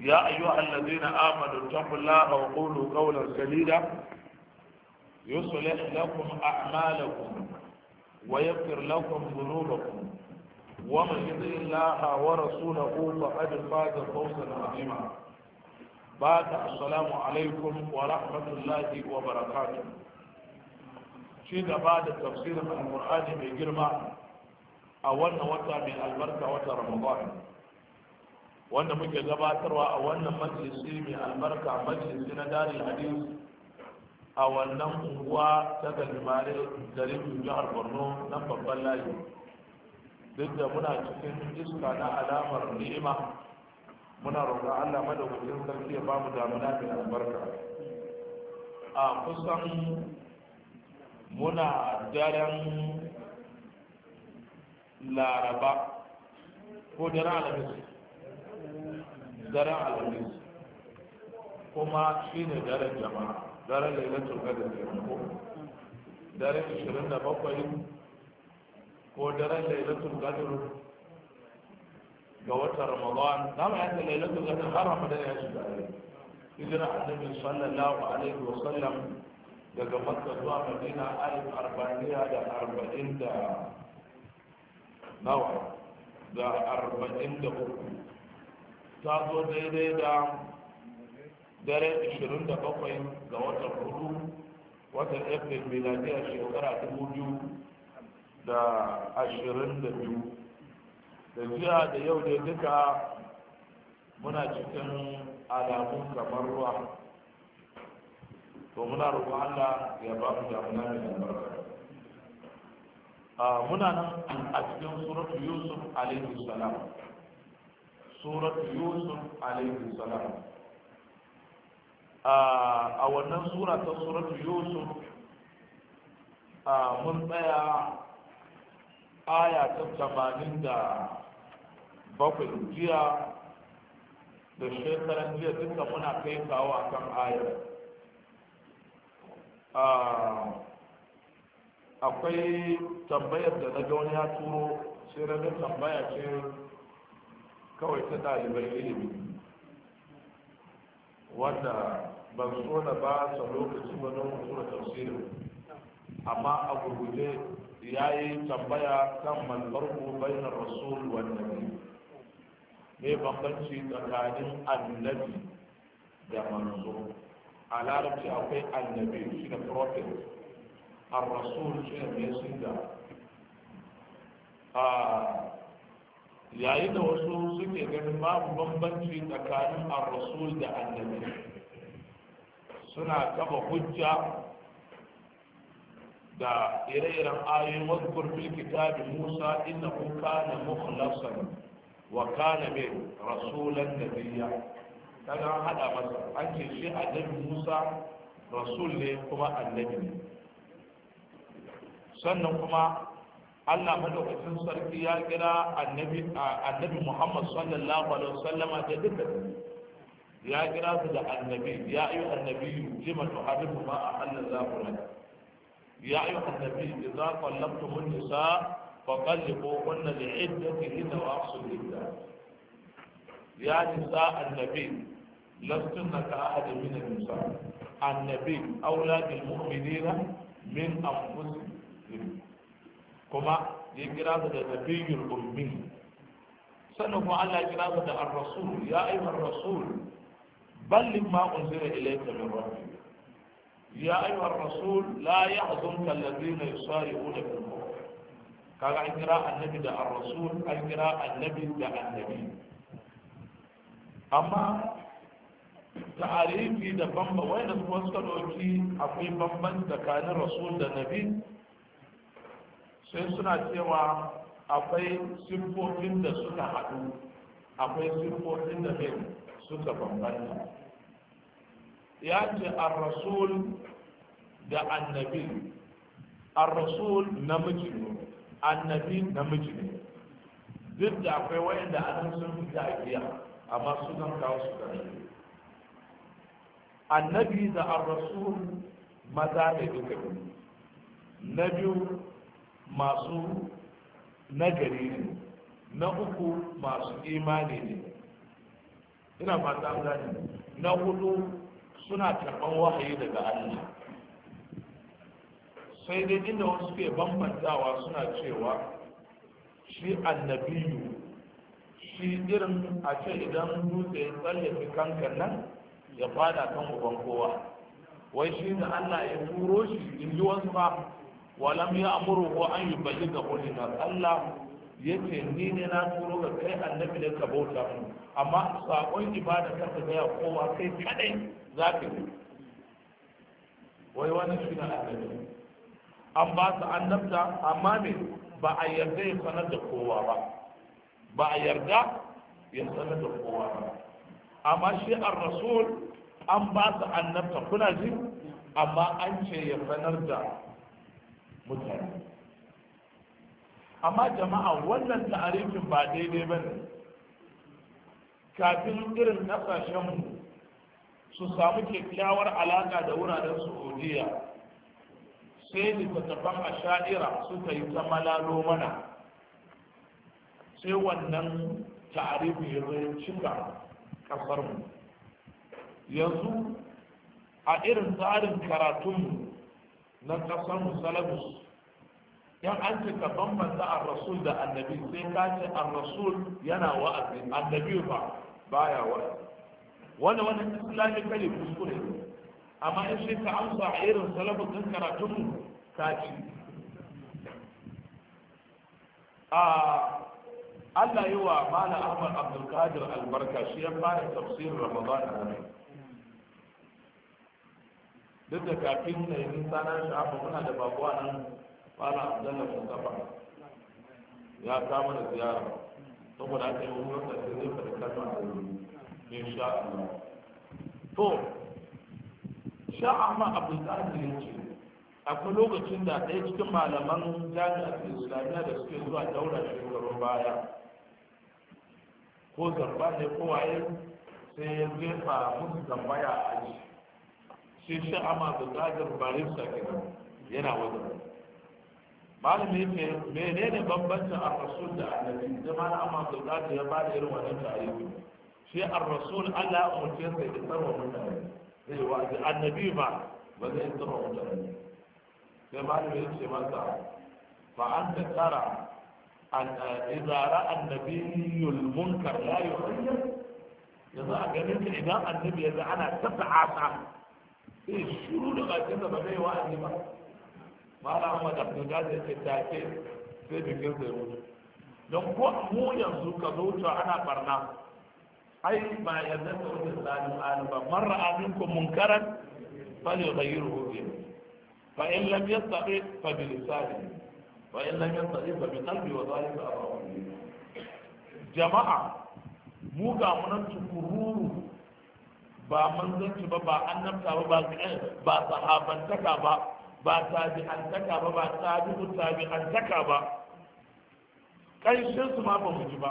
يا أيها الذين آمنوا اتقوا الله وقولوا قولا سديدا يصلح لكم أعمالكم ويغفر لكم ذنوبكم ومن يطع الله ورسوله فقد فاز فوزا عظيما بعد السلام عليكم ورحمة الله وبركاته شيء بعد تفسير القرآن بجرمة أولنا وتا من البركة وتا رمضان wanda muke gabatarwa a wannan majalisi mai albarka majalisi na dari hadis a wannan unguwa ta galibare garin jihar borno na babban layi duk da muna cikin iska na alamar ni'ima muna roƙa allah madaukakin sarki ya bamu damuna mai albarka a kusan muna daren laraba ko daren alamis daren alhamis kuma shi ne daren jama'a daren lailatul qadr ne ko daren bakwai ko daren lailatul qadr ga wata ramadan na ma yadda lailatul qadr har ramadan ya shiga hijira annabi sallallahu alaihi wa sallam daga makka zuwa madina alif arba'in da arba'in da nawa da arba'in da uku ta zo daidai da dare 27 ga watan hudu watan april miladiyar shekara biyu da ashirin da jiya da yau da duka muna cikin alamun kamar ruwa to muna roƙon Allah ya ba mu damuna mai A muna nan a cikin suratu yusuf alaihi salam surat yusuf alaihi salam ah, a wannan sura ta surat yusuf ah, mun tsaya aya ta tamanin da bakwai jiya da shekaran jiya duka muna kai kawo a kan ayar ah, akwai tambayar da na ga wani ya turo sai na tambaya ce kawai ta ɗaliban ilimi wanda ban so na ba sa lokaci ba don wasu da tafsiri amma a gurguje ya yi tambaya kan malbarku bainar rasul wanda ne me bambanci tsakanin annabi da manzo a larabci akwai annabi shi da prophet a rasul shi da mai sinda yayin da wasu suke ganin babu bambanci tsakanin ar-rasul da annabi suna kafa hujja da ire-iren ayoyin wadkur fil kitabi Musa innahu kana mukhlasan wa kana bi rasulan nabiyya kaga hada masa an ce shi annabi Musa rasul ne kuma annabi sannan kuma Allah madaukakin sarki ya kira annabi annabi Muhammad sallallahu alaihi wasallam da duka ya kira su da annabi ya ayu annabi lima tuhadibu ma ahalla zaku lak ya ayu annabi idza qallabtumun nisa faqalliquhunna li'iddatihinna wa ahsul iddah ya nisa annabi lastunna ka ahad min an-nisa annabi awla bil mu'minina min anfusihim kuma ya kira su da nabiyyul ummi sannan kuma Allah ya kira su da ar-rasul ya ayyuhar rasul balligh ma unzila ilayka min rabbik ya ayyuhar rasul la yahzunka alladhina yusari'una fil kufr kaga an kira annabi da ar-rasul an kira annabi da annabi amma ta'arifi da bamba wanda kuma suka doki akwai bambanci tsakanin rasul da nabi sai suna cewa akwai siffofin da suka haɗu akwai siffofin da bai suka bambanta ya ce a rasul da annabi a rasul namiji ne annabi namiji ne duk da akwai wayanda an sun fi tafiya amma sunan kawo su da annabi da a rasul maza ne duka biyu na biyu masu nagari ne na uku masu imani ne ina fata gani na hudu suna karɓar wahayi daga Allah sai dai inda wasu ke bambantawa suna cewa shi annabiyu shi irin a ce idan dutse ya tsallafi kankan nan ya fada kan uban kowa wai shi da Allah ya turo shi in ji wasu ba walam ya amuru an yi bayi ga ulinar Allah ya ce ni ne na turo ga kai annabi ne ka bauta mu amma sakon ibada ta ka gaya kowa kai kadai za ki yi wai wani shi na annabi an ba su annabta amma me ba a yarda ya sanar da kowa ba ba a yarda ya sanar da kowa ba amma shi ar rasul an ba su annabta kuna ji amma an ce ya sanar da mutane amma jama'a wannan ta'arifin ba daidai ba ne kafin irin ƙasashenmu su samu kyakkyawar alaƙa da wuraren saudiya sai littattafan a sha'ira suka yi ta malalo mana sai wannan tarihin ya zai cika ƙasarmu yanzu a irin tsarin karatunmu na kasan salabus yan an ce ka bambanta a rasul da annabi sai ka ce a rasul yana wa'azi annabi ba baya wa'azi wani wani islami kali kuskure amma in sai ka amsa a irin salamus din karatun mu ka ci a Allah yi wa Malam Ahmad Abdulkadir albarka shi ya fara tafsirin Ramadan a duk da kafin na yi nisa shi shafa muna da babuwa nan fara abdalla kafa ya kama da ziyara saboda aka yi wani wata da zai fara kalma da yi sha Allah to sha Ahmad Abdul Qadir ya ce akwai lokacin da ɗaya cikin malaman jami'ar islamiyya da suke zuwa daura shekarun baya ko zamba ne ko waye sai ya jefa musu tambaya a aji shi sha'ama da tsagar barista kenan yana wajen malami ne menene bambancin ar-rasul da annabi da malam Ahmad da ya ba da irin wannan tarihi shi ar-rasul Allah ya umurce sa da tarwa mutane zai wa annabi ba ba zai tarwa mutane sai malami ya ce masa fa anta tara an idza ra'a an-nabiyyul munkar la yughayir yanzu a ganin idan annabi ya ana ta ta'asa sai eh, shuru da bakin da ba zai wa'azi ba mala amma da kun da yake take sai bikin sai mutu don ko mu yanzu ka zo to ana barna ai ba yanzu ka wuce zalim alim ba marra aminkum munkaran falyughayyiruhu bi fa in lam yastati fa bi lisani fa in lam yastati fa bi qalbi wa dhalika abawu jama'a mu ga munan tukururu ba manzanci ba ba annabta ba ba ba sahabantaka ba ba tabi'antaka ba ba tabi'u tabi'antaka ba shin su ma ba mu ji ba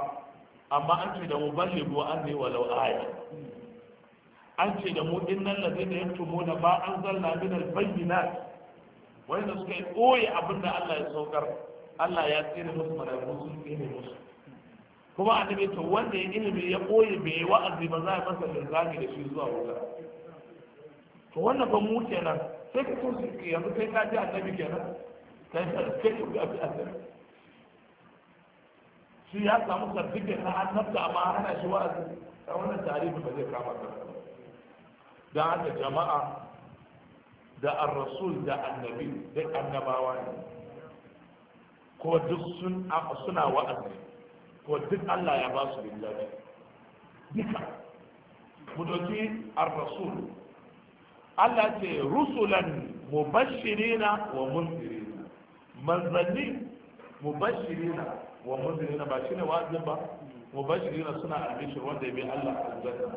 amma an ce da mu ballighu wa walau aya an ce da mu innal ladina yaktumuna an zalla min al-bayyinat wanda suka yi koyi abinda Allah ya saukar Allah ya tsere musu malaikun sun tsere musu kuma annabi to wanda ya ilimi ya koyi bai wa'azi ba za a masa linzami da shi zuwa wuta to wannan ba mu kenan sai ka so yanzu kai ka ji annabi kenan kai kai ka ji annabi shi ya samu sartifiket na annabta amma hana shi wa'azi a wannan tarihi ba zai kama ka da haka jama'a da ar-rasul da annabi da annabawa ne ko duk sun suna wa'azi to duk Allah ya ba su lullabi. duka mu dauki ar-rasul Allah ce rusulan mubashirina wa munzirina manzanni mubashirina wa munzirina ba shine wa'azin ba mubashirina suna albishir wanda ya bi Allah aljanna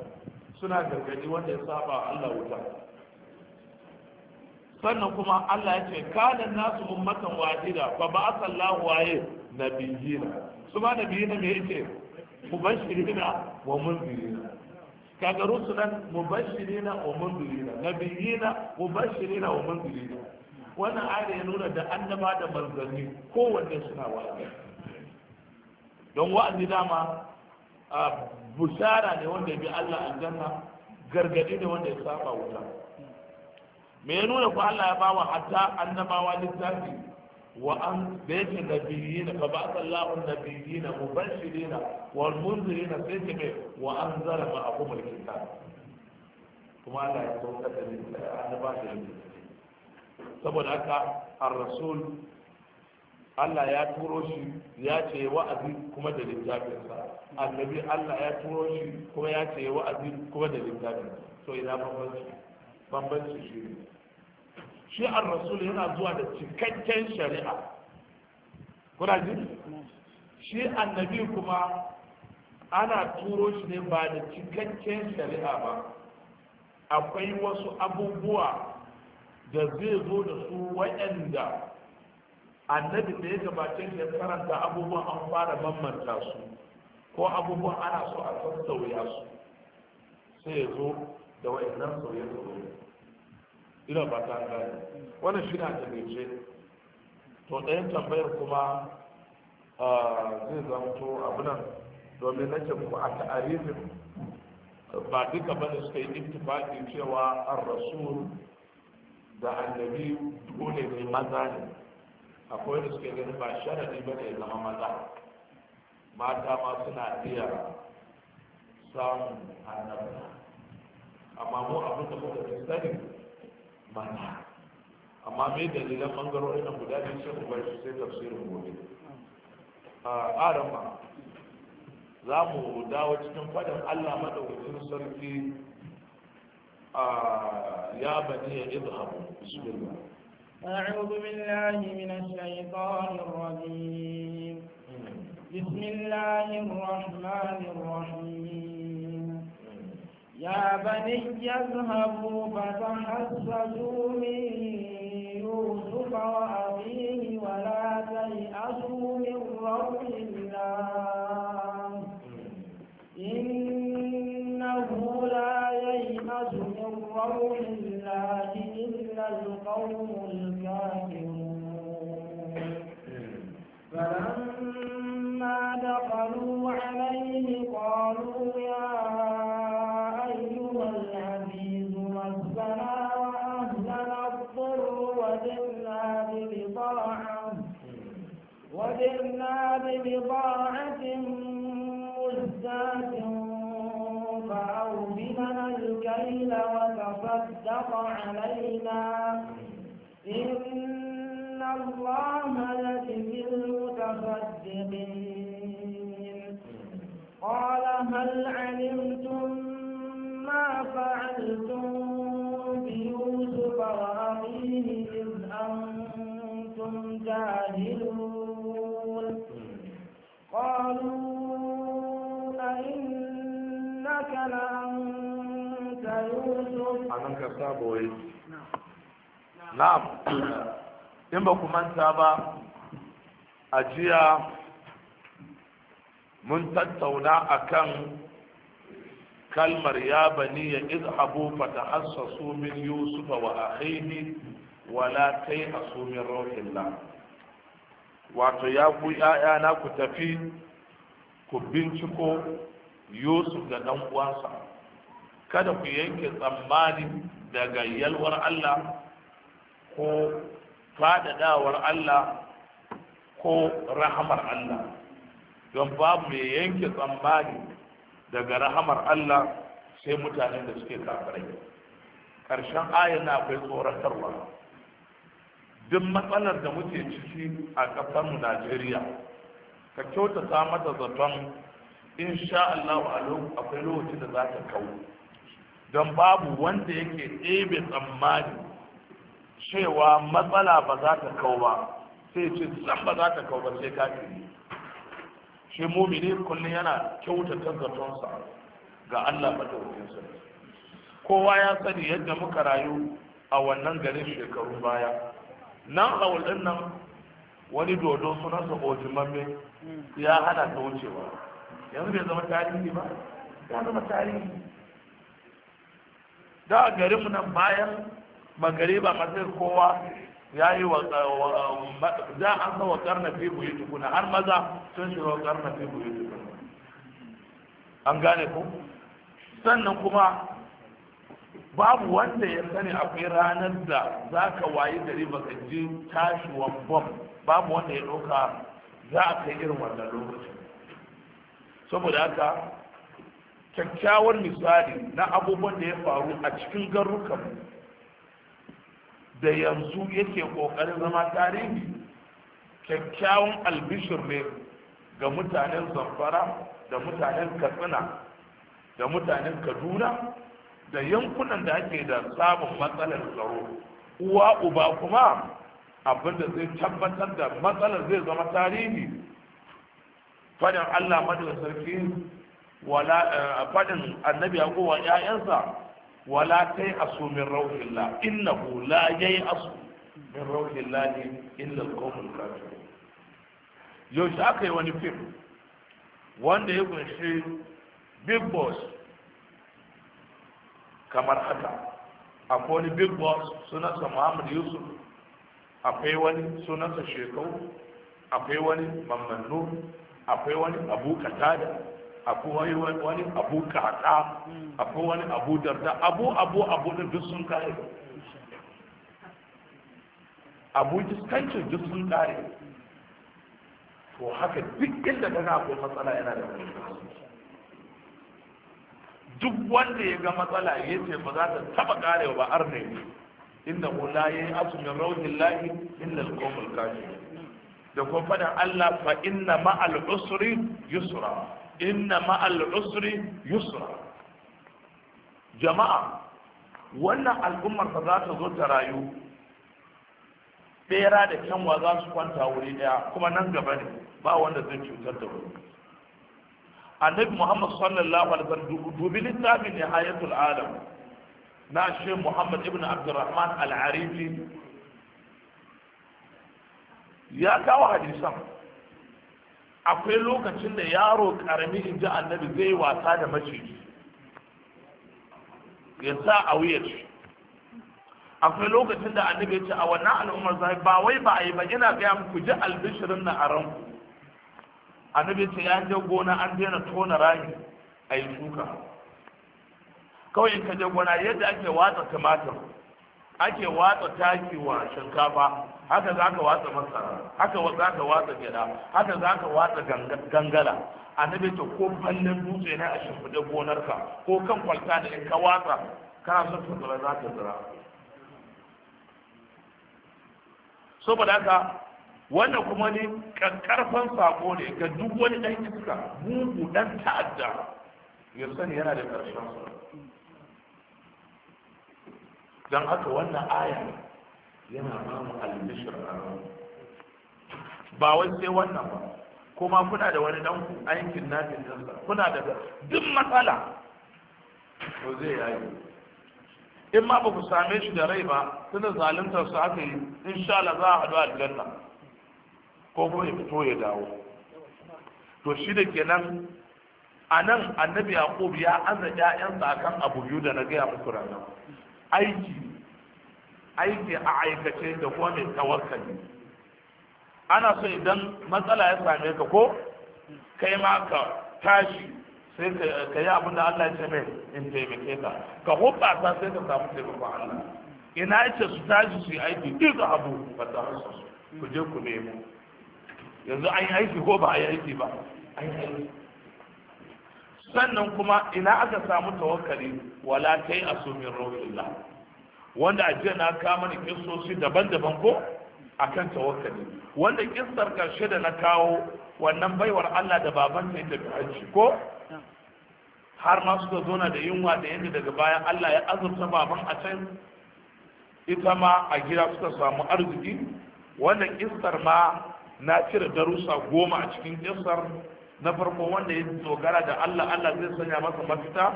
suna gargadi wanda ya saba Allah wuta sannan kuma Allah ya ce kana nasu ummatan wahida fa ba'atha Allahu nabiyina su ma nabiyina me yake mubashirina wa munzirina kaga rusulan mubashirina wa munzirina nabiyina mubashirina wa munzirina wannan ayar ya nuna da annaba da manzanni kowanne suna wa'azi don wa'azi dama bushara ne wanda ya bi Allah aljanna gargadi ne wanda ya saba wuta me ya nuna ko Allah ya bawa hatta annabawa littafi وأن بيت النبيين فبعث الله النبيين مبشرين والمنذرين سيتم وأنزل معهم الكتاب كما لا ba أن باش saboda haka ar-rasul Allah ya turo shi ya ce wa'azi kuma da littafinsa annabi Allah ya turo shi kuma ya ce wa'azi kuma da littafinsa to ina bambanci bambanci shi ne shi an rasul yana zuwa da cikakken shari'a kuna ji shi annabi kuma ana turo shi ne ba da cikakken shari'a ba akwai wasu abubuwa da zai zo da su waɗanda annabi da ya gabata ya karanta abubuwan an fara bambanta su ko abubuwan ana so a sassauya su sai ya zo da waɗannan sauye-sauye ina ba ta ne. wannan shi na tabbace to ɗayan tambayar kuma zai zamto nan, domin nake ku a ta'arifin ba duka ba da suka yi intifaɗi cewa an rasu da annabi dole ne maza ne akwai da suka gani ba sharadi ba ne zama maza mata ma suna iya samun annabta amma mu abin da muka fi sani mana amma me dalilan bangarorin nan guda biyu sai mu bar su sai tafsirin gobe arama za mu dawo cikin fadin allah madaukakin sarki ya bani ya izhabu bismillah أعوذ بالله من الشيطان الرجيم بسم الله الرحمن الرحيم يا بني اذهبوا فتحسسوا من يوسف وأخيه ولا تيأسوا من روح الله إنه لا ييأس من روح الله إلا القوم الكافرون فلما دخلوا عليه قالوا يا ببضاعة بضاعة مزدات الكيل وتصدق علينا إن الله يجزي المتصدقين قال هل علمتم ما فعلتم anan ka na'am in ba ku manta ba a jiya mun tattauna akan kalmar ya bani ya izhabu fatahassasu min yusufa wa akhihi wala kai asu min rauhillah wato ya ku na ku tafi ku binciko yusuf da ɗan uwansa kada ku yanke tsammani daga yalwar Allah ko fadadawar Allah ko rahamar Allah don babu mai yanke tsammani daga rahamar Allah sai mutanen da suke kafirai ƙarshen ayan na akwai tsoratarwa duk matsalar da muke ciki a ƙasarmu Najeriya ka kyautata mata zaton insha Allah akwai lokacin da za ta kawo don babu wanda yake ɗebe tsammani cewa matsala ba za ta kau ba sai ce zan ba za ta kau ba sai kafiri shi mumini kullum yana kyautata zatonsa ga Allah madaukakin sarki kowa ya sani yadda muka rayu a wannan garin shekaru baya nan a wajen nan wani dodo suna sunansa ojimamme ya hana ta wucewa yanzu bai zama tarihi ba ya zama tarihi da a garin nan bayan magariba masir kowa ya yi wa za an sa wakar na fi buyi tukuna har maza sun shiga wakar na fi buyi tukuna an gane ku sannan kuma babu wanda ya sani akwai ranar da za ka wayi gari ka ji wa bom babu wanda ya ɗauka za a kai irin wannan lokacin saboda haka kyakkyawar misali na abubuwan da ya faru a cikin garurkan da yanzu yake kokarin zama tarihi kyakkyawan albishir ne ga mutanen zamfara da mutanen katsina da mutanen kaduna da yankunan da ake da samun matsalar tsaro uwa uba kuma abinda zai tabbatar da matsalar zai zama tarihi fadin allah madawar sarki wala eh, fadin annabi yaƙo wa ƴaƴansa wala kai asu min rauhillah innahu la yai asu min rauhillah illa al-qawmul kafirun yau shi aka yi wani fim wanda ya kunshi big boss kamar haka akwai wani big boss sunansa muhammad yusuf akwai wani sunansa shekau akwai wani mamman akwai wani abu katada abu wani abu kada, abu wani abu darda abu abu abu da duk sun kare abu diskancin duk sun kare to haka duk inda daga akwai matsala yana da duk wanda ya ga matsala ya ce ba za ta taba karewa ba arne ne inda la ya yi asumin raunin lahi inda alkomul kashi da kuma faɗin allah fa inna ma'al usri yusra inna ma'al usri yusra jama'a wannan al'ummar ba za ta zo ta rayu bera da kyanwa za su kwanta wuri daya kuma nan gaba ne ba wanda zai cutar da wuri annabi muhammad sallallahu alaihi wasallam dubi littafin nihayatul alam na shi muhammad ibn abdurrahman al-arifi ya kawo hadisan akwai lokacin da yaro karami in ji annabi zai wasa da maciji ya sa a wuyar akwai lokacin da annabi ya ce a wannan al'ummar zai ba wai ba a yi ba yana gaya muku ji albishirin na a ranku annabi ya ce ya je gona an daina tona rami a yi shuka kawai in ka je gona yadda ake watsa tumatir ake watsa taki wa shinkafa haka za ka watsa masara haka za ka watsa gida haka za ka watsa gangara annabi ta ko fannin dutse na a shimfiɗe gonarka ko kan kwalta da in ka watsa kana son ka zira za ka zira saboda haka wannan kuma ne karfan sako ne ga duk wani ɗan iska bugu ɗan ta'adda ya sani yana da ƙarshen sa don haka wannan aya yana mu al-bishr ba wai sai wannan ba kuma kuna da wani dan aikin nafin dinsa kuna da duk matsala to zai yayi in ma ba ku same shi da rai ba tunda zaluntar su aka yi insha Allah za a haɗu aljanna ko ko ya fito ya dawo to shi da kenan a nan annabi yaqub ya aza ƴaƴansa kan abu biyu da na gaya muku ranar aiki aiki a aikace da kuma mai tawakkali ana so idan matsala ya same ka ko kai ma ka tashi sai ka yi abin Allah ya ce mai in taimake ka ka hubba ta sai ka samu taimakon Allah ina ce su tashi su yi aiki duka abu ba ta su ku je ku nemo yanzu an yi aiki ko ba a yi aiki ba an yi sannan kuma ina aka samu tawakkali wala a asumin rohillah wanda a jiya na kawo mani kisoshi daban-daban ko akan tawakkali wanda kissar karshe da na kawo wannan baiwar Allah da baban ta tafi hajji ko har ma suka zona da yunwa da yadda daga bayan Allah ya azurta baban a can ita ma a gida suka samu arziki wannan kissar ma na cire darussa goma a cikin kissar na farko wanda ya dogara da Allah Allah zai sanya masa mafita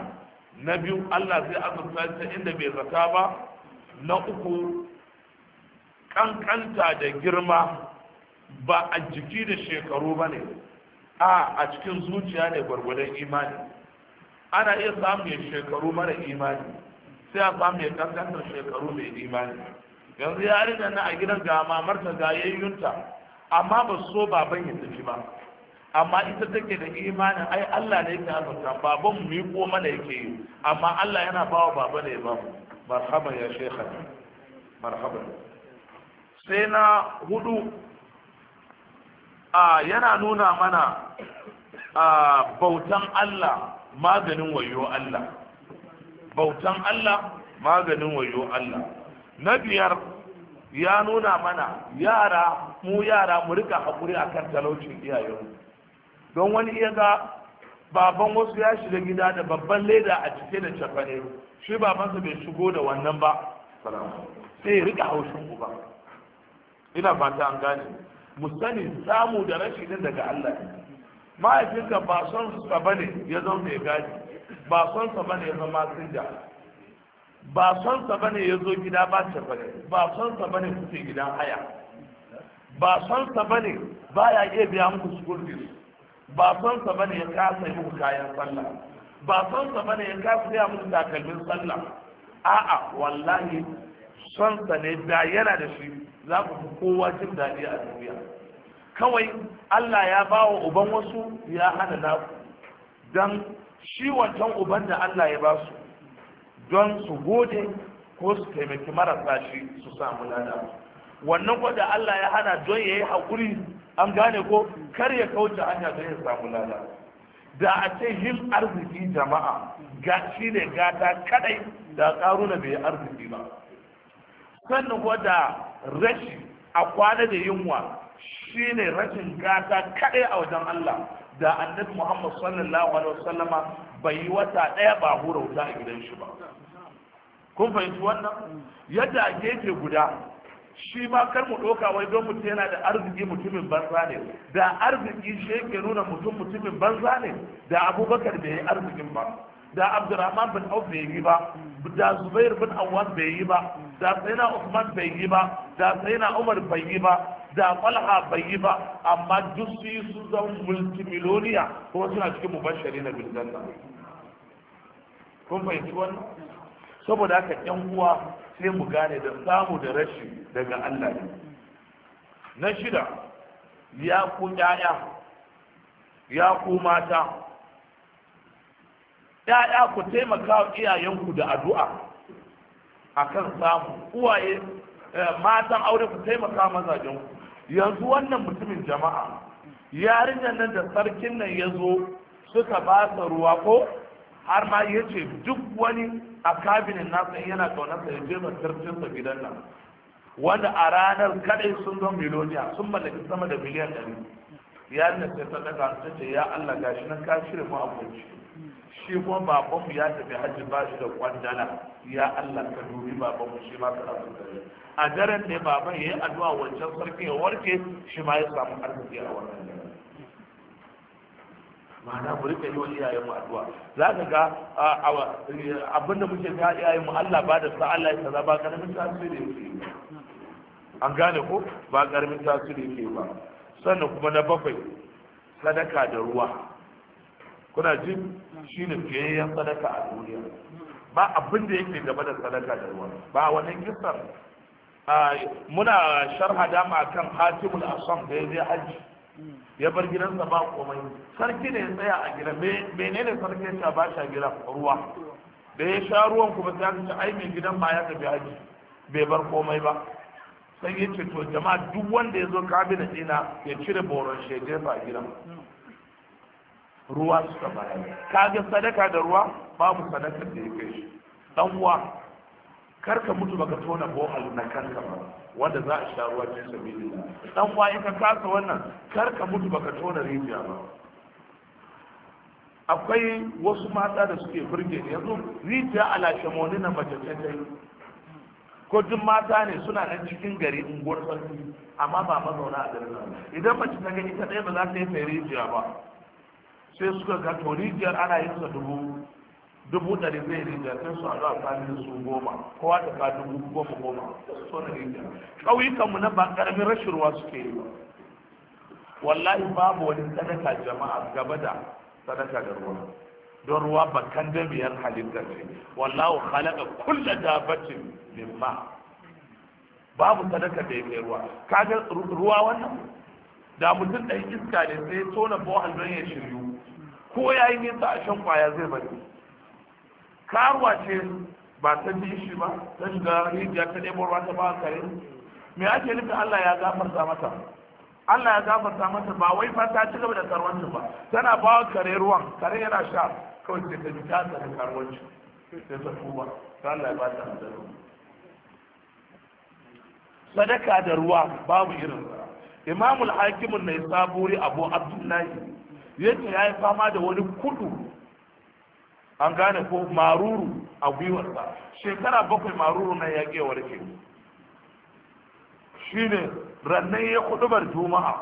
na biyu Allah zai azurta ta inda bai zata ba na uku kankanta da girma ba a jiki da shekaru ba ne a a cikin zuciya ne gwargwadon imani ana iya samun ya shekaru mara imani sai a samu ya kankanta shekaru mai imani yanzu yarinya na a gidan ga mamarta ga yayyunta amma ba so baban ya tafi ba amma ita take da imanin ai Allah ne yake azurta baban mu yi ko mana yake yi amma Allah yana bawa baba ne ba marhaba ya shekha marhaba sai na hudu a yana nuna mana a bautan Allah maganin wayo Allah bautan Allah maganin wayo Allah na biyar ya nuna mana yara mu yara mu rika hakuri akan talaucin iyayenmu don wani iya ga baban wasu ya shiga gida da babban leda a cike da cafane shi babansa bai shigo da wannan ba sai ya rika haushin uba ina fata an gane mu sani samu da rashi din daga Allah mahaifinka ba son sa bane ya zama mai gadi ba son sa bane ya zama sinja ba son sa bane ya zo gida ba cafane ba son sa bane kuke gidan haya ba son sa bane baya iya biya muku school fees ba son sa bane ya kasa yi muku kayan sallah ba son sa bane ya kasa ya muku takalmin sallah a'a wallahi son sa ne da yana da shi za ku fi kowa jin daɗi a duniya kawai Allah ya ba wa uban wasu ya hana naku don shi wancan uban da Allah ya ba su don su gode ko su taimaki marasa shi su samu lada wannan ko da Allah ya hana don ya yi haƙuri an gane ko kar ya kauce hanya don ya samu lada da a ce yin arziki jama'a ga shi ne gata kadai da karuna bai arziki ba sannan ko da rashi a kwana da yunwa shi ne rashin gata kadai a wajen Allah da annabi Muhammad sallallahu alaihi wasallama bai yi wata ɗaya ba hura wuta a gidan shi ba kun fahimci wannan yadda a gefe guda shi ma kar mu ɗauka wai don mutum yana da arziki mutumin banza ne da arziki shi yake nuna mutum mutumin banza ne da abubakar bai yi arzikin ba da abdurrahman bin auf bai yi ba da zubair bin awwan bai yi ba da sayyidina usman bai yi ba da sayyidina umar bai yi ba da falha bai yi ba amma duk su yi su zan multimiloniya kuma suna cikin mubashari na biljanna kun fahimci wannan saboda haka yan uwa sai mu gane da samu da rashi daga Allah ne na shida ya ku ƴaƴa ya ku mata ƴaƴa ku taimaka wa iyayenku da addu'a akan samu uwaye eh, matan aure ku taimaka mazajenku yanzu wannan mutumin jama'a yarinyar nan da sarkin nan ya zo suka ba ruwa ko har ma ya ce duk wani a kabinin nasa yana sa ya je sa gidan nan wanda a ranar kadai sun zo miliyoniya sun mallaki sama da miliyan ɗari ya sai ta daga ta ce ya Allah gashi nan ka shirya mu abinci shi kuma babanmu ya tafi hajji ba shi da kwandala ya Allah ka dubi babanmu shi ma ka rabu a daren ne baban ya yi addu'a wancan sarki ya warke shi ma ya samu arziki a wannan ma'ana mu rika yi wa iyayen mu addu'a za ka ga abin da muke ga iyayen mu Allah ba da sa Allah ya kaza ba karamin tasiri yake an gane ko ba karamin tasiri yake ba sannan kuma na bakwai sadaka da ruwa kuna jin shi ne fiyayyen sadaka a duniya ba abin da yake gaba da sadaka da ruwa ba wannan kisan muna sharha dama kan hatimul asam da ya je hajji ya bar gidansa ba komai sarki ne ya tsaya a gida menene sarki ya ba shi a gida ruwa da ya sha ruwan kuma ta ce ai mai gidan ba ya tafi haji bai bar komai ba sai ya ce to jama'a duk wanda ya zo kabinet dina ya cire boron shi ya jefa a gidan ruwa suka bayar ga sadaka da ruwa babu sadaka da ya kai shi dan uwa kar ka mutu baka tona bohal na kanka ba wanda za a sha ruwa cikin sabili dan kwaye ka kasa wannan kar ka mutu baka tona rijiya ba akwai wasu mata da suke burge ne yanzu rijiya ala shamoni na mace ta yi ko duk mata ne suna nan cikin gari unguwar sarki amma ba mazauna a garin idan mace ta gani ta ɗaya ba za ta yi rijiya ba sai suka ga to rijiyar ana yin sa dubu dubu ɗari zai rinja sai su a zuwa tsarin su goma kowa da ka dubu goma goma so na rinja ƙauyukanmu na ba ƙaramin rashin ruwa suke yi ba wallahi babu wani sadaka jama'a gaba da sadaka da ruwa don ruwa kan da biyar halitta ce wallahu khalaqa kulla dabatin min ma babu sadaka da yake ruwa kaga ruwa wannan da mutum ɗan iska ne sai tona bohal don ya shiryu ko ya yi nisa a shan kwaya zai bari karuwa ce ba ta bi shi ba ta shiga rijiya ta nemo ruwa ta ba kare me ake nufin Allah ya gafarta mata Allah ya gafarta mata ba wai fa ta ci gaba da karwancin ba tana ba wa kare ruwan kare yana sha kawai sai ta ji ta da karwanci sai ta tuba ta Allah ya ba ta da sadaka da ruwa babu irin imamul Hakimun mai abu abdullahi yake ya yi fama da wani kudu an gane ko maruru a gwiwarsa shekara bakwai maruru na yaƙe warke ne rannan ya kudubar juma'a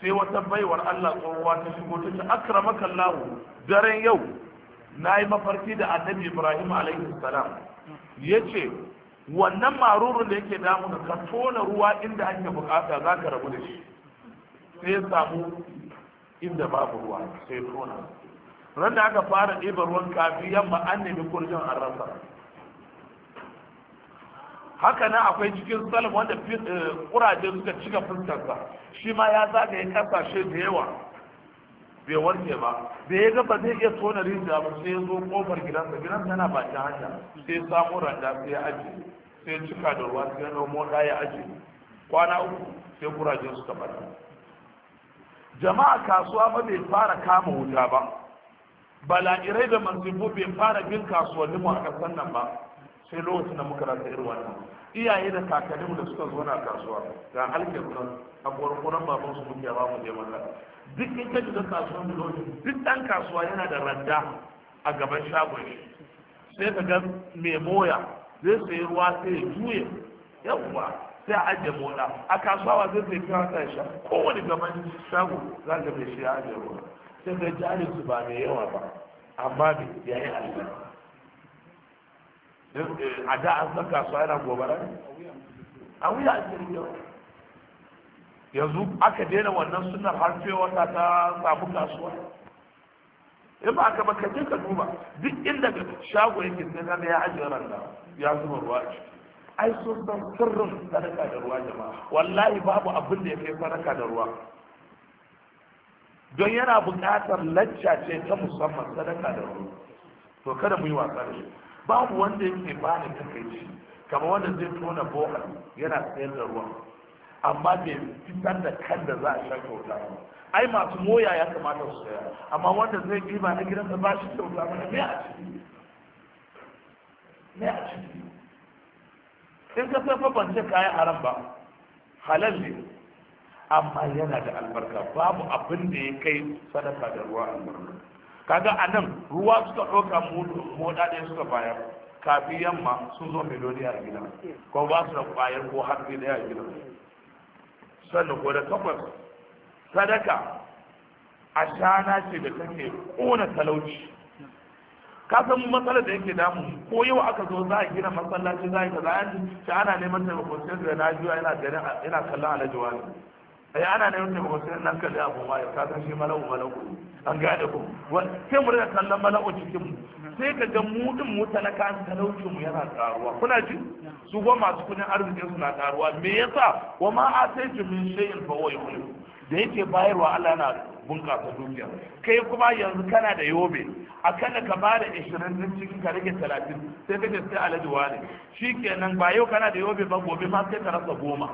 sai wata baiwar Allah tsohuwa ta shigo ta ce akramaka Allah daren yau na yi mafarki da annabi Ibrahim alaihi salam ya ce wannan marurun da yake damu ka tona ruwa inda ake bukata za ka rabu da shi sai ya samu inda babu ruwa sai tona ran da aka fara ɗibar ruwan kafi yamma an nemi kurjin an rasa haka nan akwai cikin salim wanda kuraje eh, suka cika fuskarsa shi ma ya zagaye kasashe da yawa bai warke ba bai yi ba zai iya tona rijiya ba sai ya zo kofar gidansa gidansa yana ta hanya sai ya samu randa sai ya ajiye sai ya cika da ruwa sai ya nomo ya aji. kwana uku sai kurajen suka bata jama'a kasuwa ba bai fara kama wuta ba bala'irai da manzibu bai fara bin kasuwanni mu a kasan nan ba sai lokacin da muka rasa irin wannan iyaye da kakanni da suka zo na kasuwa ga halkin nan a gwargwaron baban su muke ba mu je mata duk in ka shiga kasuwan lokacin duk dan kasuwa yana da randa a gaban shagon shi sai ka ga mai moya zai sayi ruwa sai ya juye yawwa sai a ajiye moda a kasuwa zai sai kira ta sha kowane gaban shago za ka bai shi ya ajiye ruwa sai da jarin su ba mai yawa ba amma bai ya yi albarka a da an saka su ana gobara a wuya a cikin yau yanzu aka daina wannan sunan harfe wata ta samu kasuwa in ba ka ba ka je ka duba duk inda ga shago yake sai ka ya ajiye randa ya zuba ruwa a ciki ai sun san sirrin sadaka da ruwa jama'a wallahi babu abin da ya kai sadaka da ruwa don yana buƙatar lacca ce ta musamman sadaka da ruwa to kada mu yi wasa da shi babu wanda yake ba ni takaici kamar wanda zai tona boka yana sayar da ruwa amma bai fitar da kan da za a sha kyauta ba ai masu moya ya kamata su saya amma wanda zai ba na gidansa ba shi kyauta ba ne a ciki ne a ciki in ka sai fa ban ce kayan haram ba halal ne amma yana da albarka babu abin da ya kai sadaka da ruwa albarka kaga a nan ruwa suka ɗauka moda ɗaya suka bayar kafin yamma sun zo miliyoni a gida ko ba su da ƙwayar ko harfi ɗaya a gida sannan ko da takwas sadaka a shana ce da take ƙona talauci ka san matsalar da yake damu ko yau aka zo za a gina masallaci za a yi a yi ta ana neman taimakon sai da na juya yana kallon alajuwa ne ya ana ne wanda ba sai nan kalli abu ma ya kasan shi mala'u mala'u an gane ku sai mu rika kallon mala'u cikin mu sai ka ga mu din mu talaka talaucin mu yana karuwa kuna ji su ko masu kudin arzikin su na karuwa me yasa wa ma ataitu min shay'in fa huwa yuhliku da yake bayarwa Allah yana bunƙasa duniya. kai kuma yanzu kana da yobe a kana ka ba da 20 din cikin ka rage talatin sai kake sai alaji ne. shi kenan ba yau kana da yobe ba gobe ma sai ka rasa goma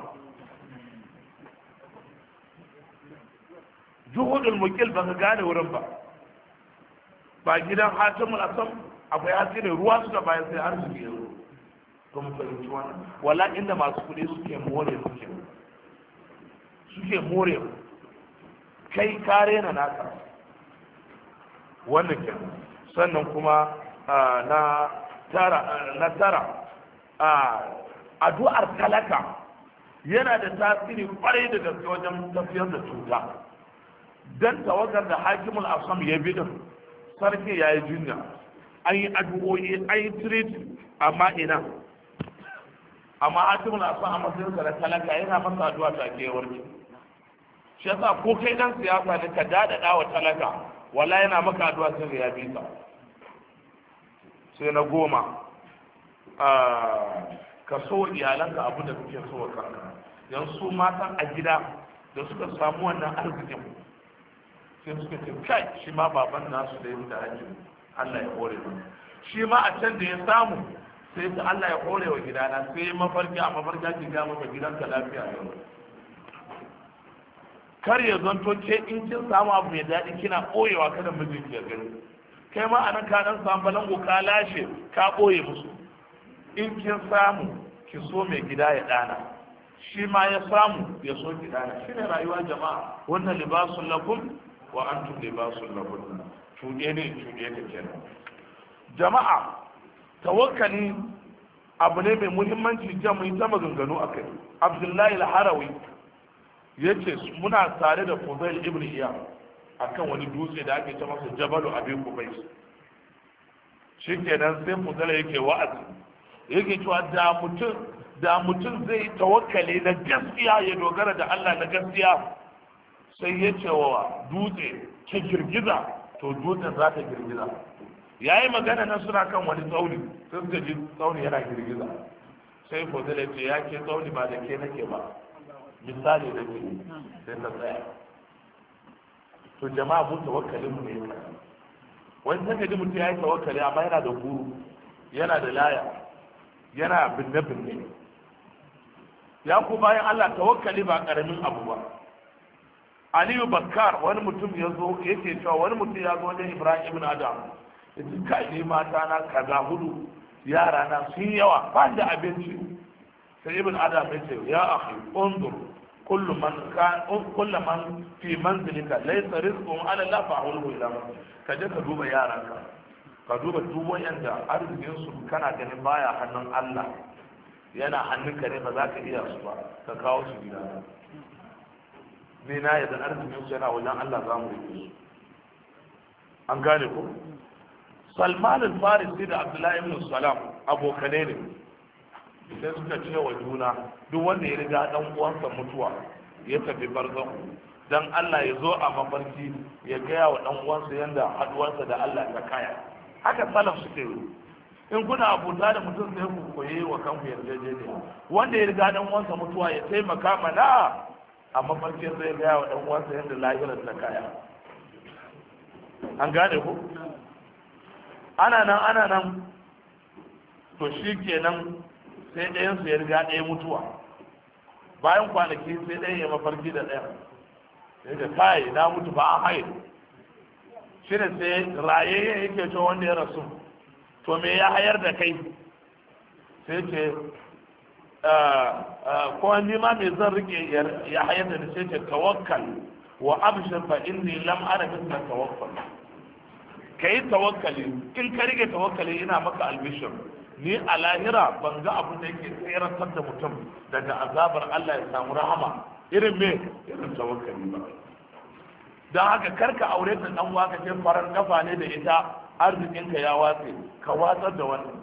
juhudul mukil ba ka gane wurin ba ba gidan hatimul asam akwai hasirin ruwa suka bayan sai arziki ya zo to mu fahimci wannan wala inda masu kuɗi suke more suke suke more kai kare na naka wannan ke sannan kuma na tara na tara addu'ar talaka yana da tasiri kwarai da gaske wajen tafiyar da cuta dan tawagar da hakimul asam ya bi din sarki ya yi jinya an yi addu'o'i an yi amma ina amma hakimul asam a matsayin da na talaka yana masa addu'a ta ke warke shi yasa ko kai dan siyasa ne ka dadada wa talaka wala yana maka addu'a sai ya bi ka sai na goma ka so iyalanka abu da kake so wa kanka yanzu matan a gida da suka samu wannan arzikin sai suka ce kai shi ma baban nasu da yin da Allah ya hore mu shi ma a can da ya samu sai ta Allah ya hore wa gidana sai mafarki a mafarki ake ga gidan ka lafiya yau kar ya zanto ke in kin samu abu mai daɗi kina ɓoyewa kada mijinki ya gani kai ma anan ka dan samu balango ka lashe ka ɓoye musu in kin samu ki so mai gida ya ɗana shi ma ya samu ya so ki ɗana shi ne rayuwa jama'a wannan libasun lakum wa antum libasul lahunna cuɗe ne cuɗe ne kenan jama'a tawakkali abu ne mai muhimmanci jan mu ta maganganu a kai abdullahi al-harawi ya ce muna tare da fuzail ibn iya akan wani dutse da ake ta masa jabalu abin kubai shi kenan sai fuzail yake wa'azi yake cewa da mutum da mutum zai tawakkale na gaskiya ya dogara da Allah na gaskiya sai ya ce wa dutse ta girgiza to dutsen za ta girgiza ya yi magana na suna kan wani tsauni sun ga ji tsauni yana girgiza sai fozila ce ya ke tsauni ba da ke nake ba misali da ke sai ta tsaya to jama'a mun tawakkalin mu ne wani saka ji mutum ya yi tawakkali amma yana da guru yana da laya yana binne-binne ya ku bayan Allah tawakkali ba karamin abu ba aliyu bakkar wani mutum ya zo yake cewa wani mutum ya zo wajen ibrahim ibn adam yace kai ne mata na kaza hudu yara na sun yawa ba da abinci sai ibn adam ya ce ya akhi undur kullu man kan kullu man fi manzilika laysa rizqun ala la fa'ulhu ila man ka ka duba yaranka ka duba duk wayanda arzikin su kana ganin baya hannun Allah yana hannunka ne ba za ka iya su ba ka kawo su gida zina ya yadda arzikin su yana wajen Allah za mu rike su an gane ko Salman al faris da Abdullahi ibn Salam abokane ne sai suka ce wa juna duk wanda ya riga dan uwansa mutuwa ya tafi barzan dan Allah ya zo a mafarki ya gaya wa dan uwansa yanda haduwarsa da Allah ta kaya haka salaf suke yi in kuna abuta da mutum sai ku koye wa kanku yarjejeniya wanda ya riga dan uwansa mutuwa ya taimaka mana Amma mafarkin zai gaya wa ɗan uwansa yadda lahirar da kaya an gane ku ana nan ana nan to shi kenan sai ɗayan su ya riga ɗaya mutuwa bayan kwanaki sai ɗaya ya mafarki da ɗaya Sai da kai na mutu ba an haye shi ne sai raye yake cewa wanda ya rasu to me ya hayar da kai sai ce ko ni ma me zan rike ya hayar da nace ta tawakkal wa abshir fa inni lam ara mithla tawakkal kai tawakkali in ka rike tawakkali ina maka albishir ni a lahira ban ga abin da yake tsirantar da mutum daga azabar Allah ya samu rahama irin me irin tawakkali ba dan haka karka aure ta dan waka ce farar kafa ne da ita arzikinka ya watse ka watsar da wannan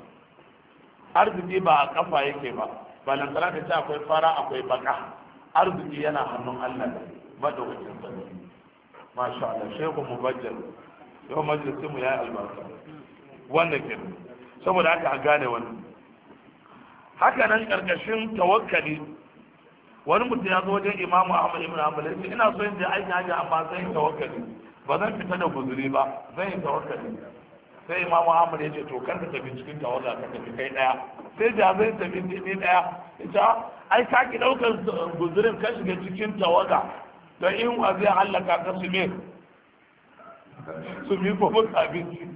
arziki ba a kafa yake ba balantana ka ce akwai fara akwai baka arziki yana hannun Allah ne madawacin sani masha Allah shehu mubajjal yau majalisin mu yayi albarka wannan ke saboda haka a gane wannan haka nan karkashin tawakkali wani mutum ya zo wajen imamu ahmad ibn hanbal ya ina so in je aiki hajji amma zan yi tawakkali ba zan fita da guzuri ba zan yi tawakkali sai ma Muhammadu ya ce to kar ka tafi cikin tawaga ka tafi kai daya sai da zai tafi ni daya ita ai ka ki daukar guzurin ka shiga cikin tawaga don in wa zai hallaka ka su me su mi ko mu abinci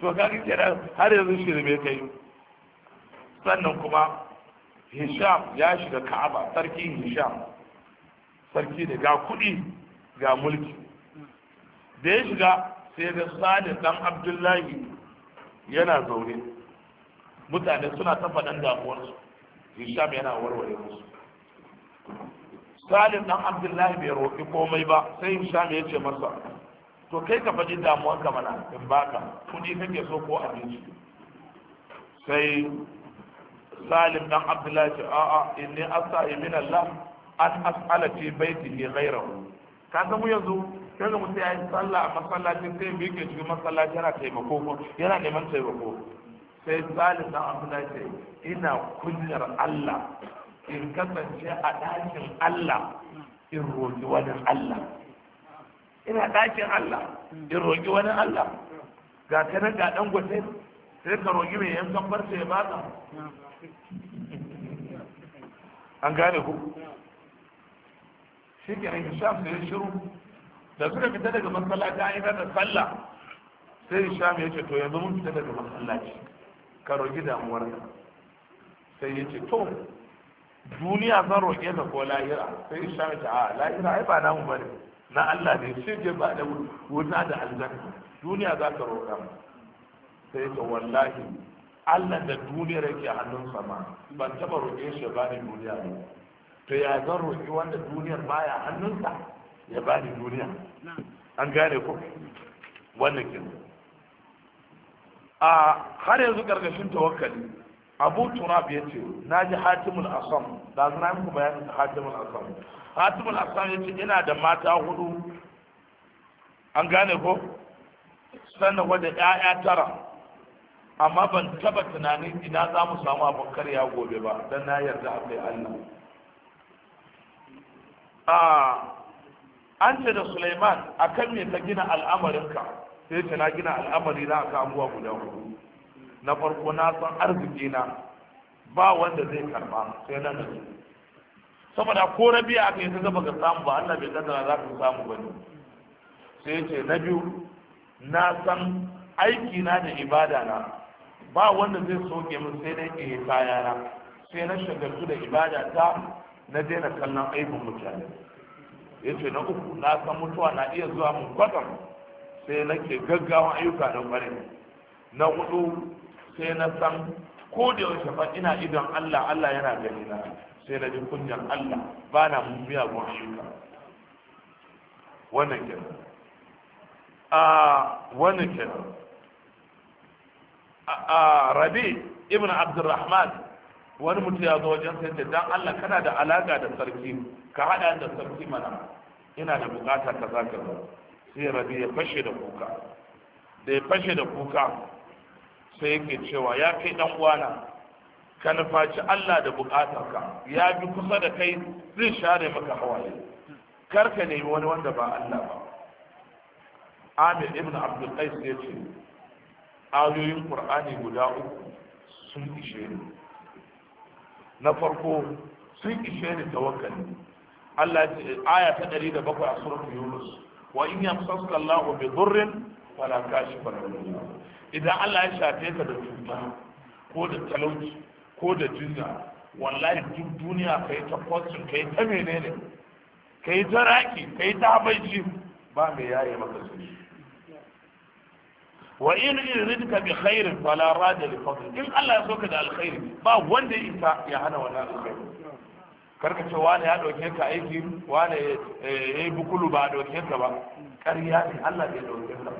to ka ki kira har yanzu shirme kai sannan kuma hisham ya shiga ka'aba sarki hisham sarki ne ga kuɗi ga mulki da ya shiga sai da sadi dan abdullahi yana zaune mutane suna ta faɗan damuwarsu hisham yana warware musu sadi dan abdullahi bai roƙi komai ba sai hisham ya ce masa to kai ka faɗi damuwarka mana in baka kuɗi kake so ko abinci sai salim dan abdullahi ce a'a inni asa'i min allah an as'ala fi baitihi ghayrahu ka san mu yanzu sai da mutum ya yi sallah a masallacin sai mu ke cikin masallaci yana taimako ko yana neman taimako sai salis na abdullahi ce ina kunyar allah in kasance a ɗakin allah in roƙi wani allah ina ɗakin allah in roƙi wani allah ga kanan ga ɗan gwate sai ka roƙi mai yan kamfar sai ba ka an gane ku shi kenan hisham sai shiru da suka fita daga masallaci an yi da sallah sai hisham ya ce to yanzu mun fita daga masallaci ka roƙi damuwar ka sai ya ce to duniya zan roƙe ka ko lahira sai hisham ya ce a lahira ai ba namu bane na Allah ne shi je ba da wuta da aljanna duniya za ka roƙa mu sai ka wallahi Allah da duniyar yake hannun sama ban taɓa roƙe shi ba ni duniya ne to ya zan roƙi wanda duniyar baya hannunsa ya ba ni duniya an gane ko wannan kin a har yanzu gargashin tawakkali abu turab ya ce na ji hatimul asam da zana muku bayanin hatimul asam hatimul asam ya ce ina da mata hudu an gane ko sannan wadda 'ya'ya tara amma ban taba tunanin ina za mu samu abin karya gobe ba don na yarda a Allah. Allah an ce da Sulaiman akan me ka gina al'amarinka sai ce na gina al'amari na ka abuwa guda hudu na farko na san arziki na ba wanda zai karba sai na nasu saboda ko a aka yi zama ka samu ba Allah bai dandana za ka samu ba ne sai ce na biyu na san aiki na da ibada na ba wanda zai soke min sai na ke kaya na sai na shagaltu da ibada ta na daina kallon aikin mutane ya ce na uku na san mutuwa na iya zuwa mun kwatsam sai nake gaggawan ayyuka na kwarai na hudu sai na san ko da yaushe fa ina idan Allah Allah yana gani na sai na ji kunyan Allah ba na miyagun ayyuka wannan kenan a wannan ke a rabi ibn abdurrahman wani mutum ya zo wajen sai dan Allah kana da alaka da sarki ka hada da sarki mana ina da bukata zaka zo. sai rabi ya fashe da kuka da ya fashe da kuka sai yake cewa ya kai dan uwana ka nufaci Allah da ka ya bi kusa da kai zai share maka hawaye kar ka nemi wani wanda ba Allah ba Amir ibn Abdul Qais ya ce ayoyin Qur'ani guda uku sun ishe ni na farko sun ishe ni ne. Allah aya ta 107 a suratul Yunus wa in yamsaka Allahu bi dhurrin fala kashifa lahu idan Allah ya shafe ka da cuta ko da talauci ko da jinna wallahi duk duniya kai ta kwancin kai ta menene kai ta raki kai ta habaici ba mai yaye maka zuci wa in yuridka bi khairin fala rada li fadli in Allah ya soka da alkhairi ba wanda ya isa ya hana wannan alkhairi karka ce wani ya dauke ka aiki wani eh, ya yi bukulu ba a dauke ka ba ƙarya ne Allah ya dauke ka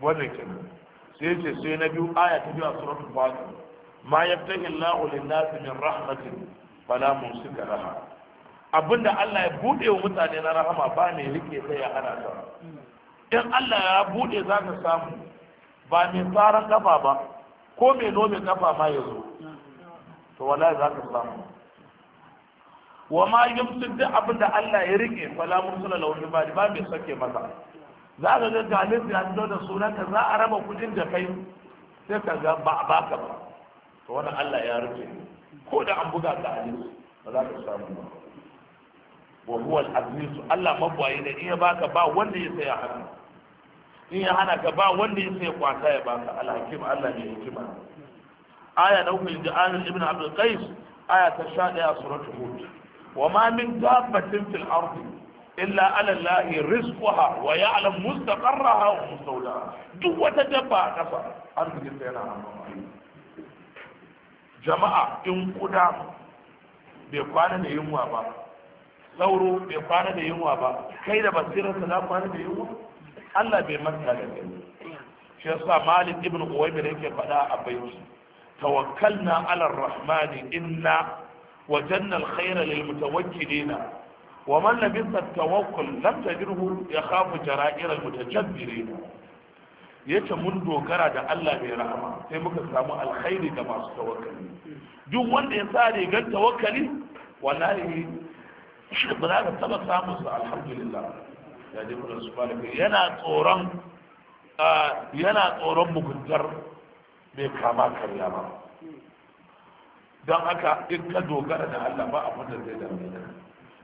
wannan kenan sai ce sai na biyu aya ta biyu a suratul fatir ma yaftahi Allahu lin-nas min rahmatin fala mumsika laha abinda Allah ya bude wa mutane na rahama ba ne rike sai ya hana ta in Allah ya buɗe za ka samu ba mai tsaron kafa ba ko mai nome kafa ma ya zo to wala za ka samu wa ma yumsu duk abin da Allah ya rike wala mun lahu min ba ba mai sake masa za ka ga galib ya zo da ka za a raba kudin da kai sai ka ga ba ba baka ba to wannan Allah ya rike ko da an buga ka ne ba za ka samu ba wa huwa al-aziz Allah mabwayi ne in ya baka ba wanda ya saya haka in ya hana ka ba wanda ya sai kwata ya baka alhakim Allah ne hikima aya na uku inda an ibn abdul qais aya ta 11 suratul hud wa ma min dabbatin fil ardi illa ala allahi rizquha wa ya'lam mustaqarraha wa mustawdaha duk wata dabba a kafa arzikin ta yana hannun jama'a in kuda bai kwana da yunwa ba sauro bai kwana da yunwa ba kai da basirar sa na kwana da yunwa Allah bai manta da kai shi yasa Malik ibn Uwaymir yake faɗa a bayyana tawakkalna ala ar-rahman inna wajanna al-khayra lil mutawakkilin wa man labisa at-tawakkul lam tajruhu yakhafu jara'ir al-mutajabbirin yace mun dogara da Allah mai rahama sai muka samu alkhairi da masu tawakkali duk wanda ya sa rigar tawakkali wallahi ba za ka taba samun su alhamdulillah yana tsoron yana tsoron muguntar mai kama karya ba don haka in ka dogara da Allah ba abin da zai dame ka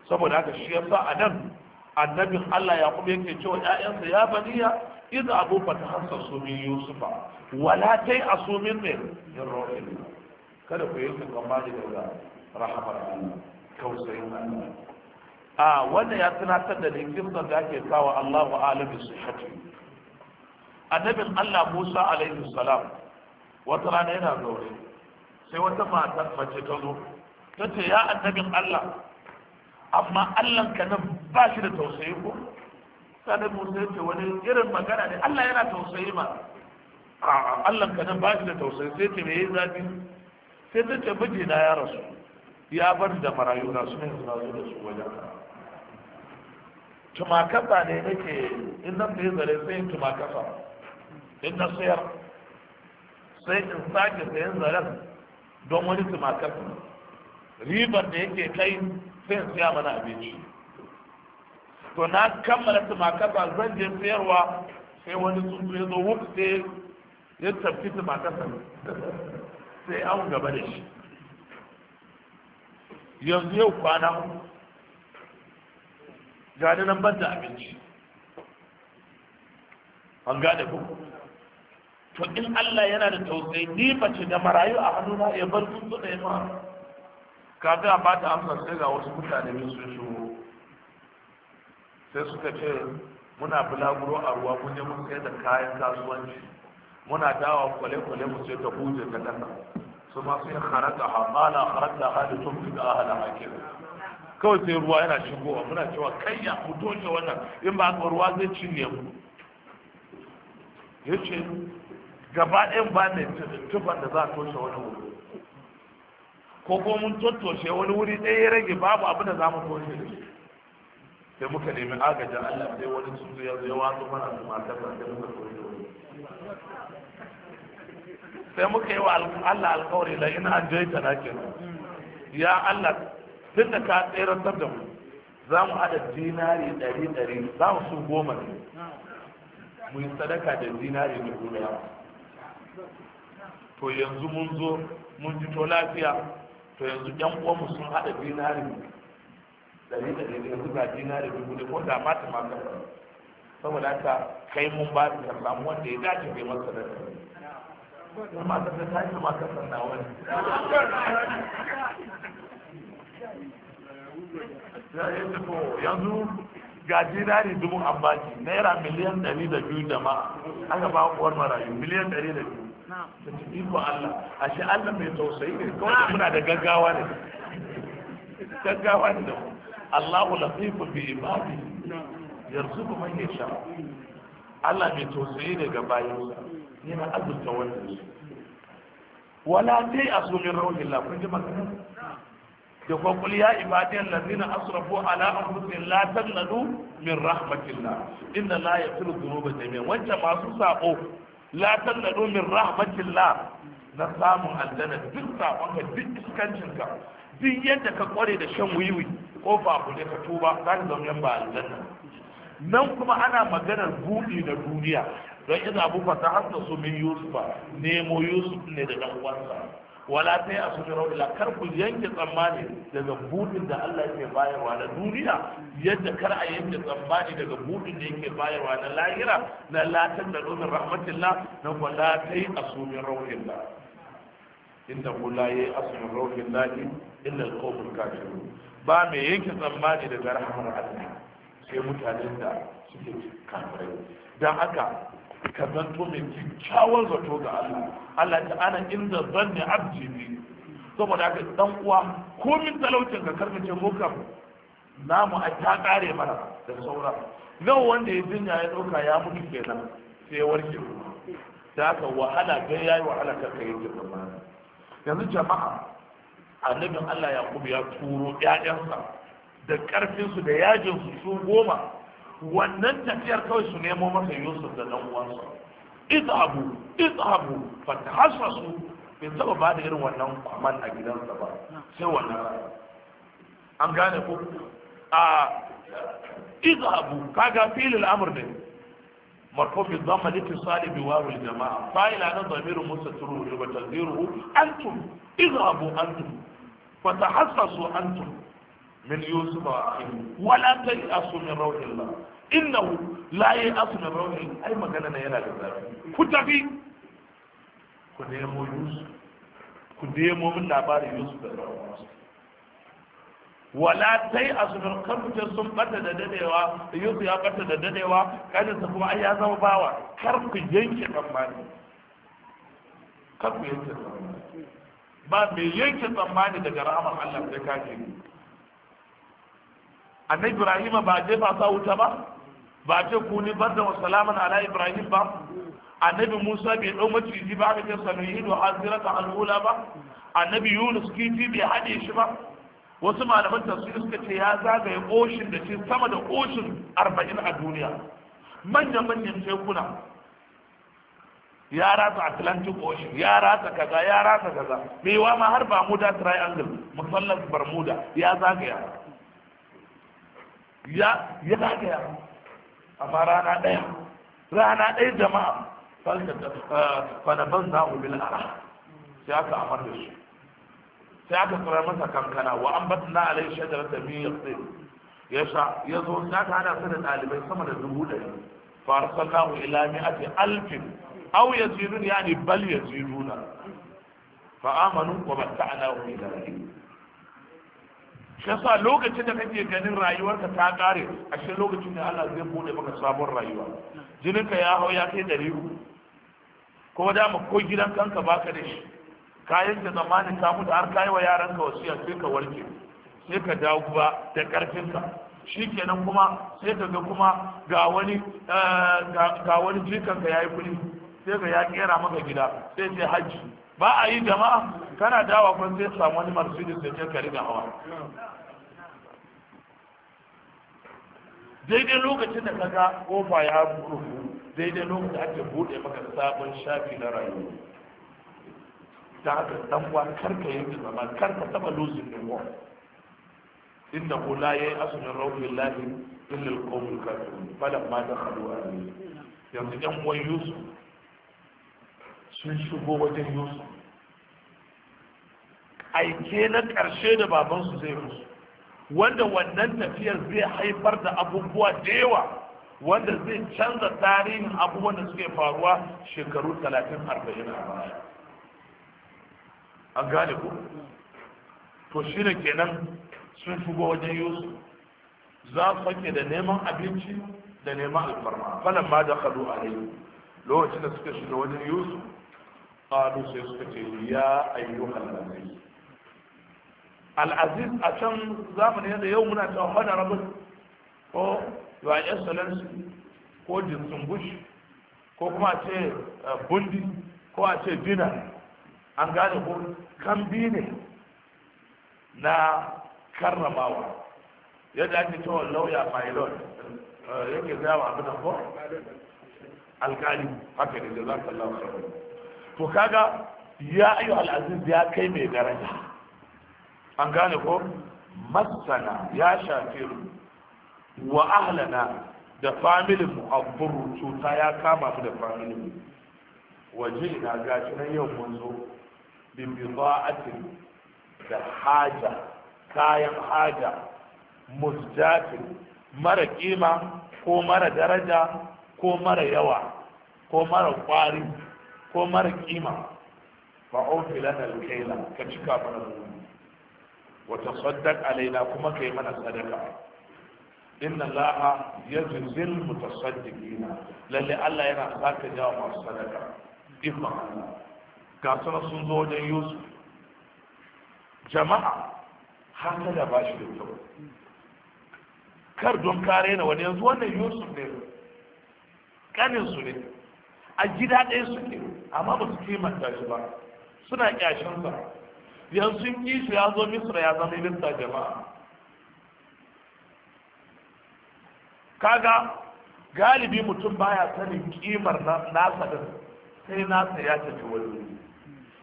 saboda haka shi yasa a nan annabin Allah ya kuma yake cewa 'ya'yansa ya baniya idza abu fatahansa su min yusufa wala tai asumin min yin rohin kada ku yi tsammani daga rahamar Allah tausayin Allah a wannan ya tunatar da ni kimsan da ake sawa Allahu alami sihhati annabin Allah Musa alaihi salam wata rana yana zaure sai wata mata mace ta zo ta ce ya annabin Allah amma Allah ka nan ba shi da tausayi ko sai Musa ya ce wani irin magana ne Allah yana tausayi ma a'a Allah ka nan ba shi da tausayi sai ce me yayi zafi sai ta ce mijina ya rasu ya bar da marayu na su ne su da su wajen tumakasa ne nake in nan da yi zare sai in tumakasa in na sayar sai in sake sayan zaren don wani tumakasa ribar da yake kai sai in siya mana abinci to na kammala tumakasa zan je sayarwa sai wani tsuntsu ya zo wuk sai ya tafi tumakasa sai an gaba da shi yanzu yau kwana ga da nan banda abinci an gane ku to in Allah yana da tausayi ni mace da marayu a hannuna ya bar tsuntsu da yamma kaga a bata amsa sai ga wasu mutane min sun shigo sai suka ce muna bulaguro a ruwa kun je mun sayar da kayan kasuwanci muna dawa kwale-kwale mu sai ta huje ta kasa su ma sai haraka ha mala haraka tun fi da ahala hakira kawai sai ruwa yana shigowa muna cewa kai ya fito ne wannan in ba ka ruwa zai cinye mu ya ce gaba ɗayan ba ne tufan da za a toshe wani wuri ko ko mun tottoshe wani wuri ɗaya ya rage babu abin da za mu toshe da shi sai muka nemi agajin Allah sai wani tsuntsu ya zai ya watsu mana su matar da sai muka toshe wani sai muka yi wa Allah alkawari la ina an jaita na kenan ya Allah tun da ka tseratar da mu za mu haɗa dinari ɗari ɗari za mu su goma ne mu yi sadaka da dinari mai goma to yanzu mun zo mun ji to lafiya to yanzu yan mu sun haɗa dinari ɗari ɗari da yanzu ga dinari dubu ne ko da mata ma saboda haka kai mun ba ka samu wanda ya dace kai masa da kuma ta yi ma ka sanna wani yanzu ga dinari dubu ambaki naira miliyan ɗari da biyu jama'a aka ba uwar marayu miliyan ɗari da biyu da iko Allah a shi Allah mai tausayi ne kawai muna da gaggawa ne gaggawa ne da Allahu lafifu bi ibadi yanzu kuma ya sha Allah mai tausayi ne ga bayansa yana azurta wannan wala dai a sumin rauhin lafiyar jama'a da kuma kul ya ibadiyal ladina asrafu ala anfusihim la taqnatu min rahmatillah inna la yaghfiru dhunuba jami'an wancan masu sako la taqnatu min rahmatillah na samun aljanna duk sakon ka duk iskancin ka duk yadda ka kware da shan wiwi ko ba ku ka tuba za ka zama yamba aljanna nan kuma ana maganar buɗi na duniya don ina abu ta hasa su min yusufa nemo yusuf ne da ɗan uwansa wala sai a su rau ila kar ku yanke tsammani daga budin da Allah yake bayarwa na duniya yadda kar a yanke tsammani daga budin da yake bayarwa na lahira na latin da domin rahmatillah na wala sai a su min rauhillah inda kula yayi asmin rauhillah illa alqawmul kafirun ba mai yanke tsammani daga rahmar Allah sai mutanen da suke kafirai dan haka ka zanto mai kyakkyawar zato ga Allah Allah ta ana inda zanni abdi ne saboda haka dan uwa ko min talaucin ka karkace mu kam namu a ta kare mana da saura nawa wanda ya jinya ya dauka ya mutu kenan sai warke da haka wahala ga yayi wahala karka yake zamana yanzu jama'a annabin Allah Yakubu ya turo ƴaƴansa da ƙarfinsu da yajinsu su goma wannan tafiyar kawai su nemo masa yusuf da dan uwansa izhabu izhabu fatahassasu bai taba ba da irin wannan kwaman a gidansa ba sai wannan an gane ko a izhabu kaga filil amr ne مرفوع بالضمه الاتصال بواو الجماعه فاعل عن ضمير مستتر وتقديره انتم اذهبوا انتم وتحسسوا انتم min yusuf wa akhihi wala tayasu min rawhillah innahu la yasu min rawhi ai magana na yana da zafi ku tafi ku nemo yusuf ku nemo min labarin yusuf da rawhillah wala tai a sunan karfuce sun bata da dadewa yusuf ya bata da dadewa kanin sa kuma ai ya zama bawa kar ku yanke tsammani kar ku yanke tsammani ba mai yanke tsammani daga rahaman Allah sai ka Ana ibrahim ba je ba sa wuta ba ba ce ku ni barda da salaman ala ibrahim ba annabi musa bai dau maciji ba aka ce sanuhidu hazirata al'ula ba annabi yunus kifi bai hade shi ba wasu malaman tafsir suka ce ya zagaye koshin da ce sama da koshin arba'in a duniya manyan manyan tekuna ya ratsa atlantic ocean ya ratsa kaza ya ratsa kaza mai wa ma har bermuda triangle musallas bermuda ya zagaya ya ya zagaya amma rana ɗaya rana ɗaya jama'a fanaban eh, za mu bil ara sai aka amar da shi sai aka tsara masa kankana wa an batna alai shajarar da biyu ya sha ya zo sai aka hada su da ɗalibai sama da dubu ɗari a ce alfin, au ya فارسلناه الى مئة bal ya يزيدون يعني بل يزيدون فامنوا ومتعناهم الى حين shasa lokacin da kake ganin rayuwarka ta kare a shi lokacin da Allah zai bude maka sabon rayuwa jininka ya hau ya kai dari ko da mu ko gidan kanka baka da shi kayan da zamanin ka mutu har kai wa yaran ka wasiya sai ka warke sai ka dawo ba da karfin ka shikenan kuma sai ka ga kuma ga wani eh, ga wani jikan ka yayi kuɗi sai ka ya kera maka gida sai sai hajji ba a yi jama'a kana dawa kwan zai samu wani marsidis da ke kari da hawa daidai lokacin da kaga kofa ya buru daidai lokacin da ake bude maka sabon shafi na rayuwa da haka dan wa karka yanke zama karka taba losing the war inda ko la yayi asumin rawhi lahi illa al-qawmul kafirun falamma dakhalu alayhi yanzu yan uwan yusuf sun shigo wajen yusuf aike na ƙarshe da babansu zai musu wanda wannan tafiyar zai haifar da abubuwa da yawa wanda zai canza tarihin abubuwan da suke faruwa shekaru 30-40 a baya an gane ku to shi ne kenan sun shigo wajen yusuf za su fake da neman abinci da neman alfarma falon ma da kalu a rai lokacin da suka shiga wajen yusuf ƙalu sai suka ce ya ayyukan lalai al'aziz a can zamani yadda yau muna cewa rabin, ko your excellency ko jinsin bush, ko kuma a ce eh, bundi ko a ce dina an gane ko kambi ne na karramawa yadda ake cewa lauya pilot eh, yake zai wa abin ko alkali haka ne da za ka lafa to kaga ya ayyu al'aziz ya kai mai daraja an gane ko masana ya shafi wa ahlana da familin mu abburu cuta ya kama mu da familin mu waje na gashi nan yau mun zo bin da haja kayan haja musjatin mara kima ko mara daraja ko mara yawa ko mara kwari ko mara kima fa'ofi lana alkaila ka cika mana mu وتصدق علينا كما كيما صدقه إن الله يجزي المتصدقين للي الله ينا ساك جاوما الصدقة إفهم كاسنا سنزوجا يوسف جماعة هكذا باشي التوبة kar don kare na wani yanzu wannan yusuf ne kanin su ne a gida ɗaya suke amma ba su kimanta shi ba suna ƙyashin sa yanzu sun yi shi ya zo misra ya zama minista jama'a kaga galibi mutum baya sanin kimar nasa din sai nasa ya tafi wani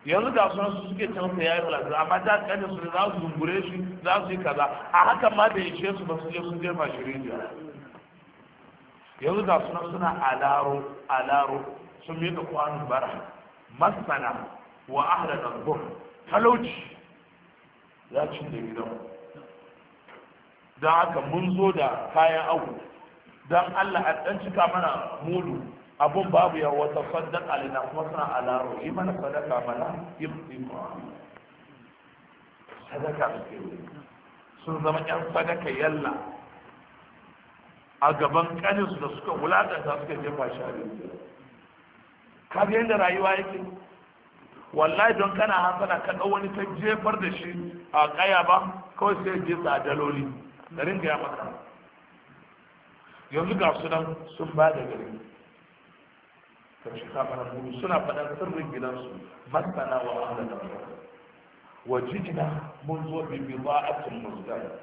yanzu ga sunan su suke can sai yayi wala amma da kanin su za su zungure shi za su yi kaza a hakan ma da ishe su ba su je sun ma shi rijiya yanzu ga sunan suna alaro alaro sun miƙa kwanon bara masana wa ahlan al talauci ya ci da gidan don haka mun zo da kayan abu don allah a ɗan cika mana mudu abun babu ya wata saddan alina kuma suna alaro yi mana sadaka mana yi sadaka da ke wuri sun zama yan sadaka yalla a gaban su da suka wulata ta suka jefa shi a ka yadda rayuwa yake wallahi don kana hasana ka ɗau wani ta jefar da shi a ƙaya ba kawai sai je sa daloli da ringa ya maka yanzu ga su nan sun ba da gari karshe ka fara buru suna faɗan sirrin gidansu masana wa wanda da wa jijina mun zo bi bi ba'atin musgar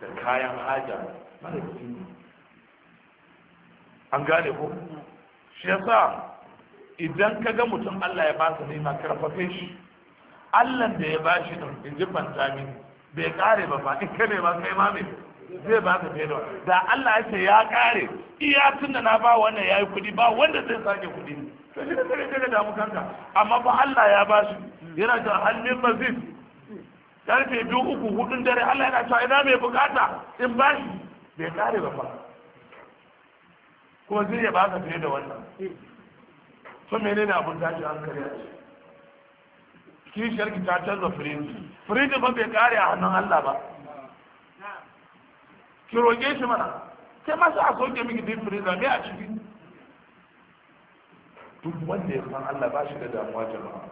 da kayan haja mara an gane ko shi ya sa. idan ka ga mutum Allah ya basa nema karfafe shi Allah da ya bashi din in ji fantami bai kare ba fa in kare ba kai ma me zai ba ka faida da Allah ya ce ya kare iya tun da na ba wannan yayi kudi ba wanda zai sake kudi to shi da kare daga damu kanka amma fa Allah ya bashi yana da halin mazid karfe biyu uku hudun dare Allah yana cewa ina mai bukata in bashi bai kare ba fa kuma zai ya ba ka da wannan to menene abin tashi hankali a kishiyar ki ta canza firiji firiji ba bai kare a hannun Allah ba ki roƙe shi mana sai masu a soke miki din firiji mai a ciki duk wanda ya san Allah ba shi da damuwa jama'a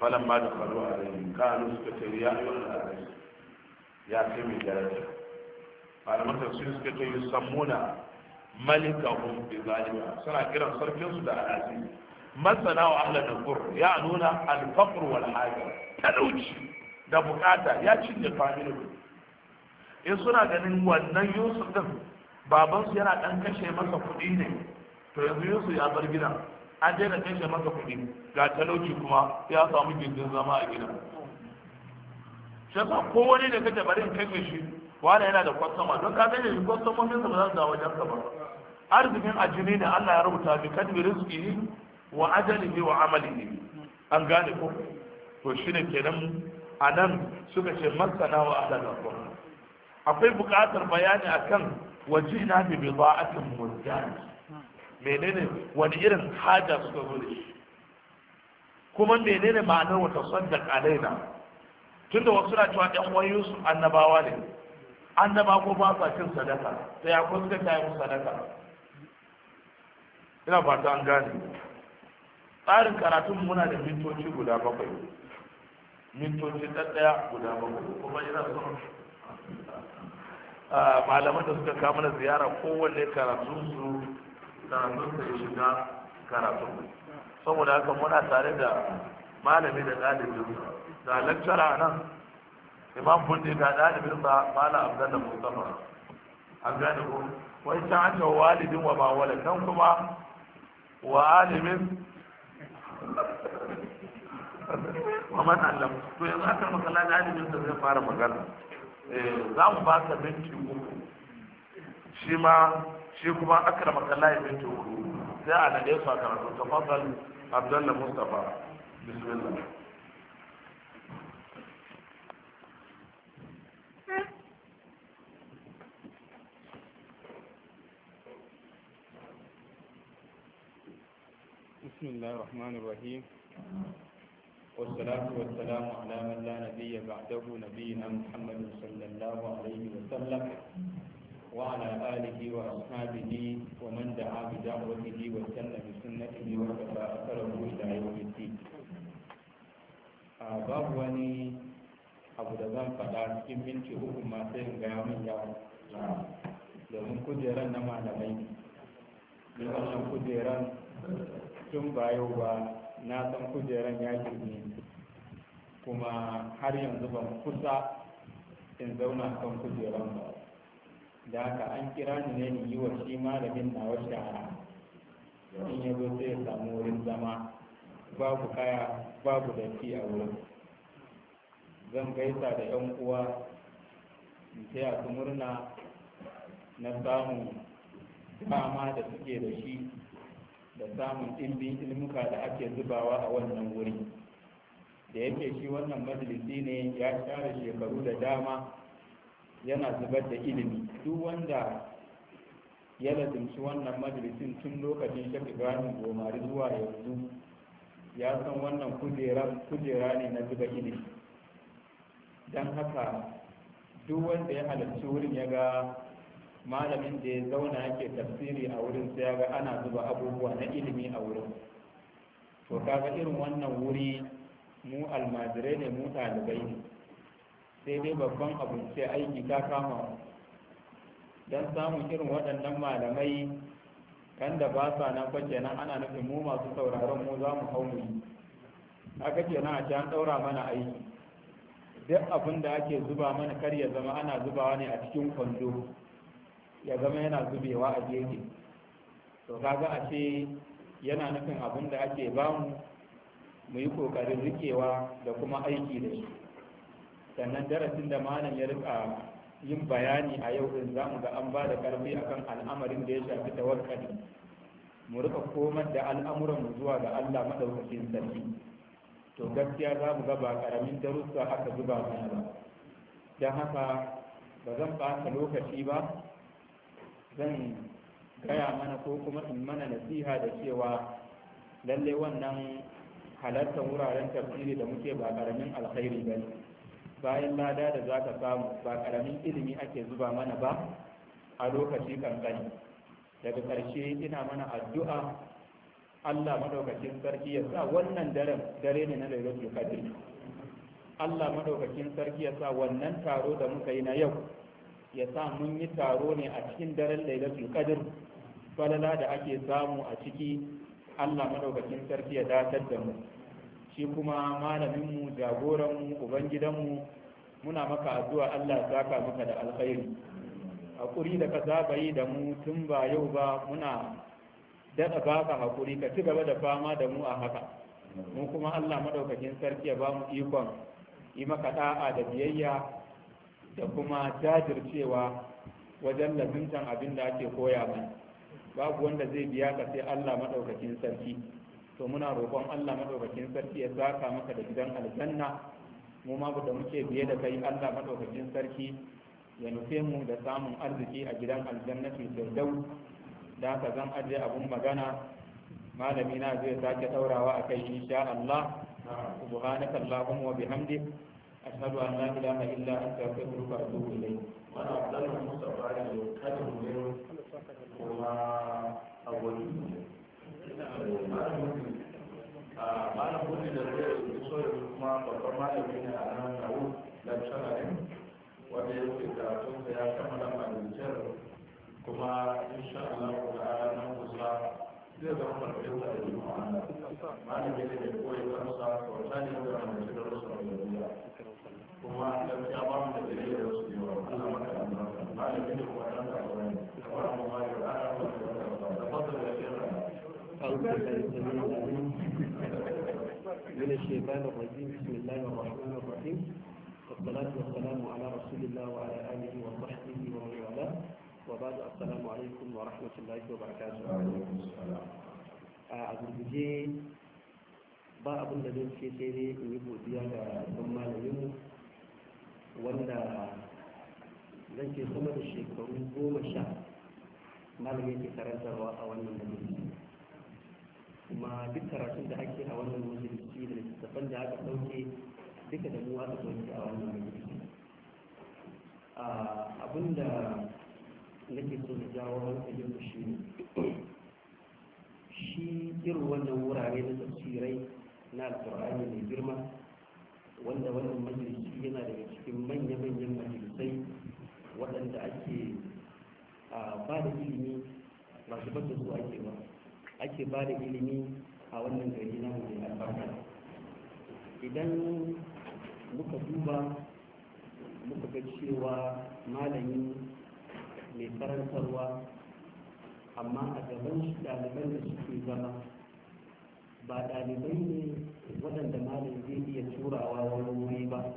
falan ma da faru a rai kanu suka ce ya yi wani ya kai mai daraja malaman tafsir suka ce samuna. malikahum bi zalika suna kiran sarkin su da alazi masana wa ahlan nufur ya nuna al-faqr wal haja talauci da bukata ya cinye familin in suna ganin wannan yusuf din baban su yana dan kashe masa kuɗi ne to yanzu yusuf ya bar gidan an daina kashe masa kuɗi ga talauci kuma ya samu gindin zama a gidan shi yasa kowane da kake bari kai kashe shi wani yana da kwastoma don ka kashe shi kwastomomin sa ba za su dawo jan ka ba arzikin ajini ne Allah ya rubuta bi kadmi ne wa ajalihi wa amalihi an gane ko to shine kenan anan suka ce masana wa ahlaka ko akwai buƙatar bayani akan wajina bi bida'atin murjani menene wani irin haja suka gode shi kuma menene ma'anar wata tasaddaq alaina tunda wasu na cewa ɗan uwan Yusuf annabawa ne annaba ko ba sa cin sadaka sai akwai suka ta yi sadaka ina fata an gane tsarin karatun muna da mintoci guda bakwai mintoci ɗaya guda bakwai kuma ina son malaman da suka kama na ziyara kowanne karatun su karatun su ya shiga karatun saboda haka muna tare da malami da ɗalibin da lecturer nan imam bundi da ɗalibin sa malam abdalla mustafa an gane ko wai ta hanyar walidin wa ba wala nan kuma wa alimin wa man to yanzu aka maka lani alimin zai fara magana eh, za mu ba ka minti uku shi kuma aka maka lani minti uku sai a nade su mustapha bismillah بسم الله الرحمن الرحيم والصلاة والسلام على من لا نبي بعده نبينا محمد صلى الله عليه وسلم وعلى آله وأصحابه ومن دعا بدعوته وسلم بسنته وكفى أثره إلى يوم الدين باب وني أبو da zan faɗa cikin minti ما masu قيام gaya لهم كجران domin kujeran لهم كجران tun ba yau ba na san kujeran ya ne kuma har yanzu ban kusa in zauna kan kujeran ba da haka an kira ni ne ni yi wa shi malamin na wasu shahara in ya zo sai ya samu wurin zama babu kaya babu datti a wurin zan gaisa da yan uwa in taya su murna na samun dama da suke da shi da samun ɗimbin ilmuka da ake zubawa a wannan wuri da yake shi wannan majalisi ne ya share shekaru da dama yana zubar da ilimi duk wanda ya lazimci wannan majalisin tun lokacin shek ibrahim gomari zuwa yanzu ya san wannan kujera ne na zuba ilimi don haka duk wanda ya halarci wurin ya ga malamin da ya zauna yake tafsiri a wurin sai ya ga ana zuba abubuwa na ilimi a wurin to kaga irin wannan wuri mu almajirai ne mu ɗalibai ne sai dai babban abu sai aiki ta kama don samun irin waɗannan malamai kan da ba sa nan fa nan ana nufin mu masu sauraron mu za mu hau mu yi haka nan a can ɗaura mana aiki duk abin da ake zuba mana kar ya zama ana zubawa ne a cikin kwando ya zama yana zubewa a gefe to kaga a ce yana nufin abin da ake bamu mu yi kokarin rikewa da kuma aiki da shi sannan darasin da malam ya rika yin bayani a yau din zamu ga an ba da karfi akan al'amarin da ya shafi tawakkali mu rika komar da al'amuran zuwa ga Allah madaukakin sarki to gaskiya za mu ga ba karamin darussa aka zuba mana ba don haka ba zan ɓata lokaci ba zan gaya mana ko kuma in mana nasiha da cewa lallai wannan halartar wuraren tafsiri da muke ba karamin alkhairi ba bayan lada da za ka samu ba karamin ilimi ake zuba mana ba a lokaci kankani daga ƙarshe ina mana addu'a Allah madaukakin sarki ya sa wannan dare ne na lailatul qadr Allah madaukakin sarki ya sa wannan taro da muka yi na yau ya sa mun yi taro ne a cikin daren lailatul qadr falala da ake samu a ciki Allah madaukakin sarki ya datar da mu shi kuma malamin mu jagoran mu ubangidan mu muna maka addu'a Allah saka maka da alkhairi hakuri da ka saba yi da mu tun ba yau ba muna daɗa baka hakuri ka ci gaba da fama da mu a haka mu kuma Allah madaukakin sarki ya ba mu ikon yi maka da'a da biyayya da kuma jajircewa wajen lafintan abin da ake koya mai babu wanda zai biya ka sai Allah maɗaukakin sarki to muna roƙon Allah madaukakin sarki ya saka maka da gidan aljanna mu ma da muke biye da kai Allah madaukakin sarki ya nufe mu da samun arziki a gidan aljannatul firdaus da ka zan aje abun magana malami na zai sake a akai insha Allah Allahumma wa bihamdika أشهد أن لا إله إلا أنت أستغفرك وأتوب إليك وأنا أفضل من مصطفى يتكلم غيره وما أولي malam gudu da zai so ya kuma babban malami ne a nan na wu lecturer ne wanda ya ke karatun sa ya kammala malitar kuma insha Allah ta ala nan kusa zai zama farfin da jima'a malami ne da koyi kansa kyauta ne da mai shigar rusa da duniya العليم من الشيطان الرجيم بسم الله الرحمن الرحيم والصلاة والسلام على رسول الله وعلى آله وصحبه ومن والاه وبعد السلام عليكم ورحمة الله وبركاته. وعليكم السلام. أعوذ بالله ba abin da zai ce sai dai in wanda zan ce sama da shekaru goma sha malam yake karantarwa a wannan majalisi kuma duk karatun da ake a wannan majalisi da littattafan da aka ɗauke duka da mu aka ɗauke a wannan majalisi abinda nake so da jawo hankalin ku shi ne shi irin wannan wurare na tafsirai na alƙur'ani mai girma wanda wannan majalisi yana daga cikin manya-manyan majalisai waɗanda ake ba da ilimi ba su da su ake ba ake ba ilimi a wannan gari na mai albarka idan muka duba muka ga cewa malami mai karantarwa amma a gaban shi ɗaliban da suke zama ba ɗalibai ne waɗanda malam zai iya turawa wani wuri ba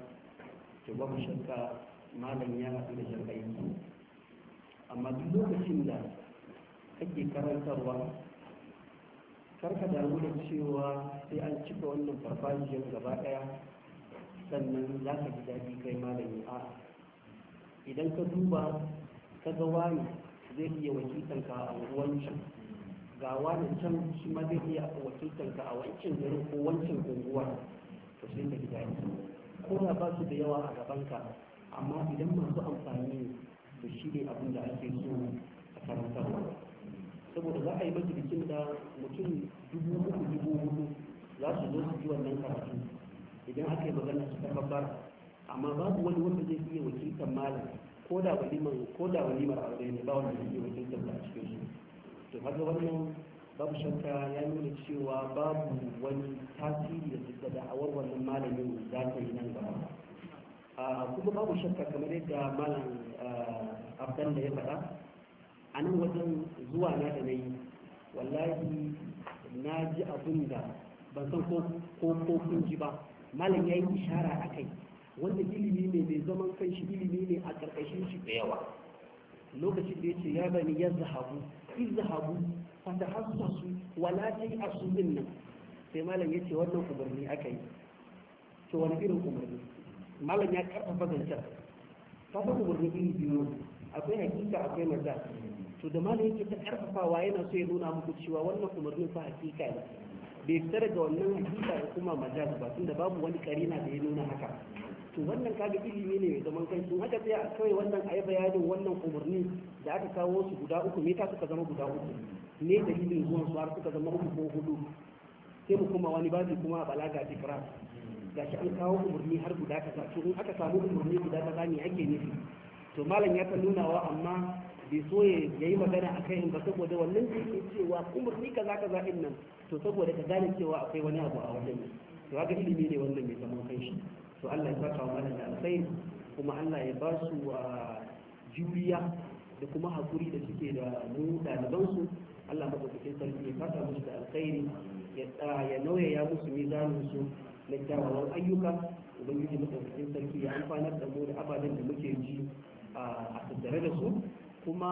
to ba mu shakka malam ya haɗu da shan yi amma duk lokacin da kake karantarwa karka damu da cewa sai an cika wannan farfajiyar gaba ɗaya sannan za ka ji daɗi kai malami a idan ka duba ka ga wani zai iya wakiltanka a wancan ga wani can shi ma zai iya wakiltar ka a wancan garin ko wancan unguwar to sai da gida ko da ba su da yawa a gaban ka amma idan masu amfani da shi ne abin da ake so a karantarwa saboda za a yi majalisin da mutum dubu uku dubu hudu za su zo su ji wannan karatu idan aka yi magana su ta amma babu wani wanda zai iya wakiltar malam ko da walimar aure ne ba wanda zai iya wakiltar da a cikin su to kaga wannan babu shakka ya nuna cewa babu wani tasiri da a wannan malamin za ta yi nan gaba kuma babu shakka kamar yadda malam abdan da ya faɗa a nan wajen zuwa na da na yi wallahi na ji abin da ban san ko kun ji ba malam ya yi ishara a kai wanda ilimi ne mai zaman kanshi ilimi ne a ƙarƙashin shi da yawa lokacin da yace ya bani yazhabu izhabu fatahassasu wala ta tayasu nan sai malam yace wannan umarni aka yi to wani irin umarni malam ya karfafa zancen ta fi umarni iri biyu akwai hakika akwai maza to da malam yake ta karfafawa yana so ya nuna muku cewa wannan umarnin fa hakika ne bai fita daga wannan hakika da kuma maza ba tunda babu wani karina da ya nuna haka to wannan kaga ilimi ne mai zaman kai sun haka sai a kawai wannan ayi bayanin wannan umarni da aka kawo su guda uku me ta suka zama guda uku ne ilimin zuwan su har suka zama uku ko hudu sai mu kuma wani babi kuma a balaga tikra shi an kawo umarni har guda ta to in aka samu umarni guda ta zani ake nufi to malam ya ta nunawa amma bai so ya yi magana a kai ba saboda wannan da yake cewa umarni kaza kaza din nan to saboda ka gane cewa akwai wani abu a wajen to haka ilimi ne wannan mai zaman kanshi to Allah ya saka mana da alkhairi kuma Allah ya ba su ah, juriya da kuma hakuri da suke da mu ɗaliban su Allah madaukakin sarki ya fada musu da alkhairi ya ah, ya nauyaya musu mizanin su na kyawawan ayyuka ubangiji madaukakin sarki ya amfanar da mu da ababen da muke ji ah, a tattare da su kuma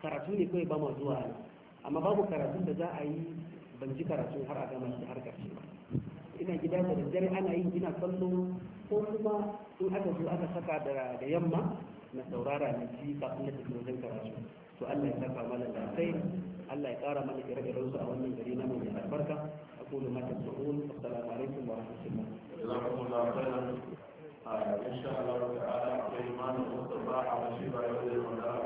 karatu ne kawai ba ma zuwa amma babu karatun da za a yi ban ji karatun har a gama shi har ƙarshe ba ina gida da daddare ana yi ina kallo ko kuma in aka zo aka saka da yamma na saurara na ci kafin na tafi wajen karatu to Allah ya saka mana da kai Allah ya kara mana kira kira su a wannan gari na mai albarka aqulu ma tasawun assalamu alaikum wa rahmatullahi jazakumullahu khairan insha Allah ta'ala akwai malam Mustafa a Bashir Bayo da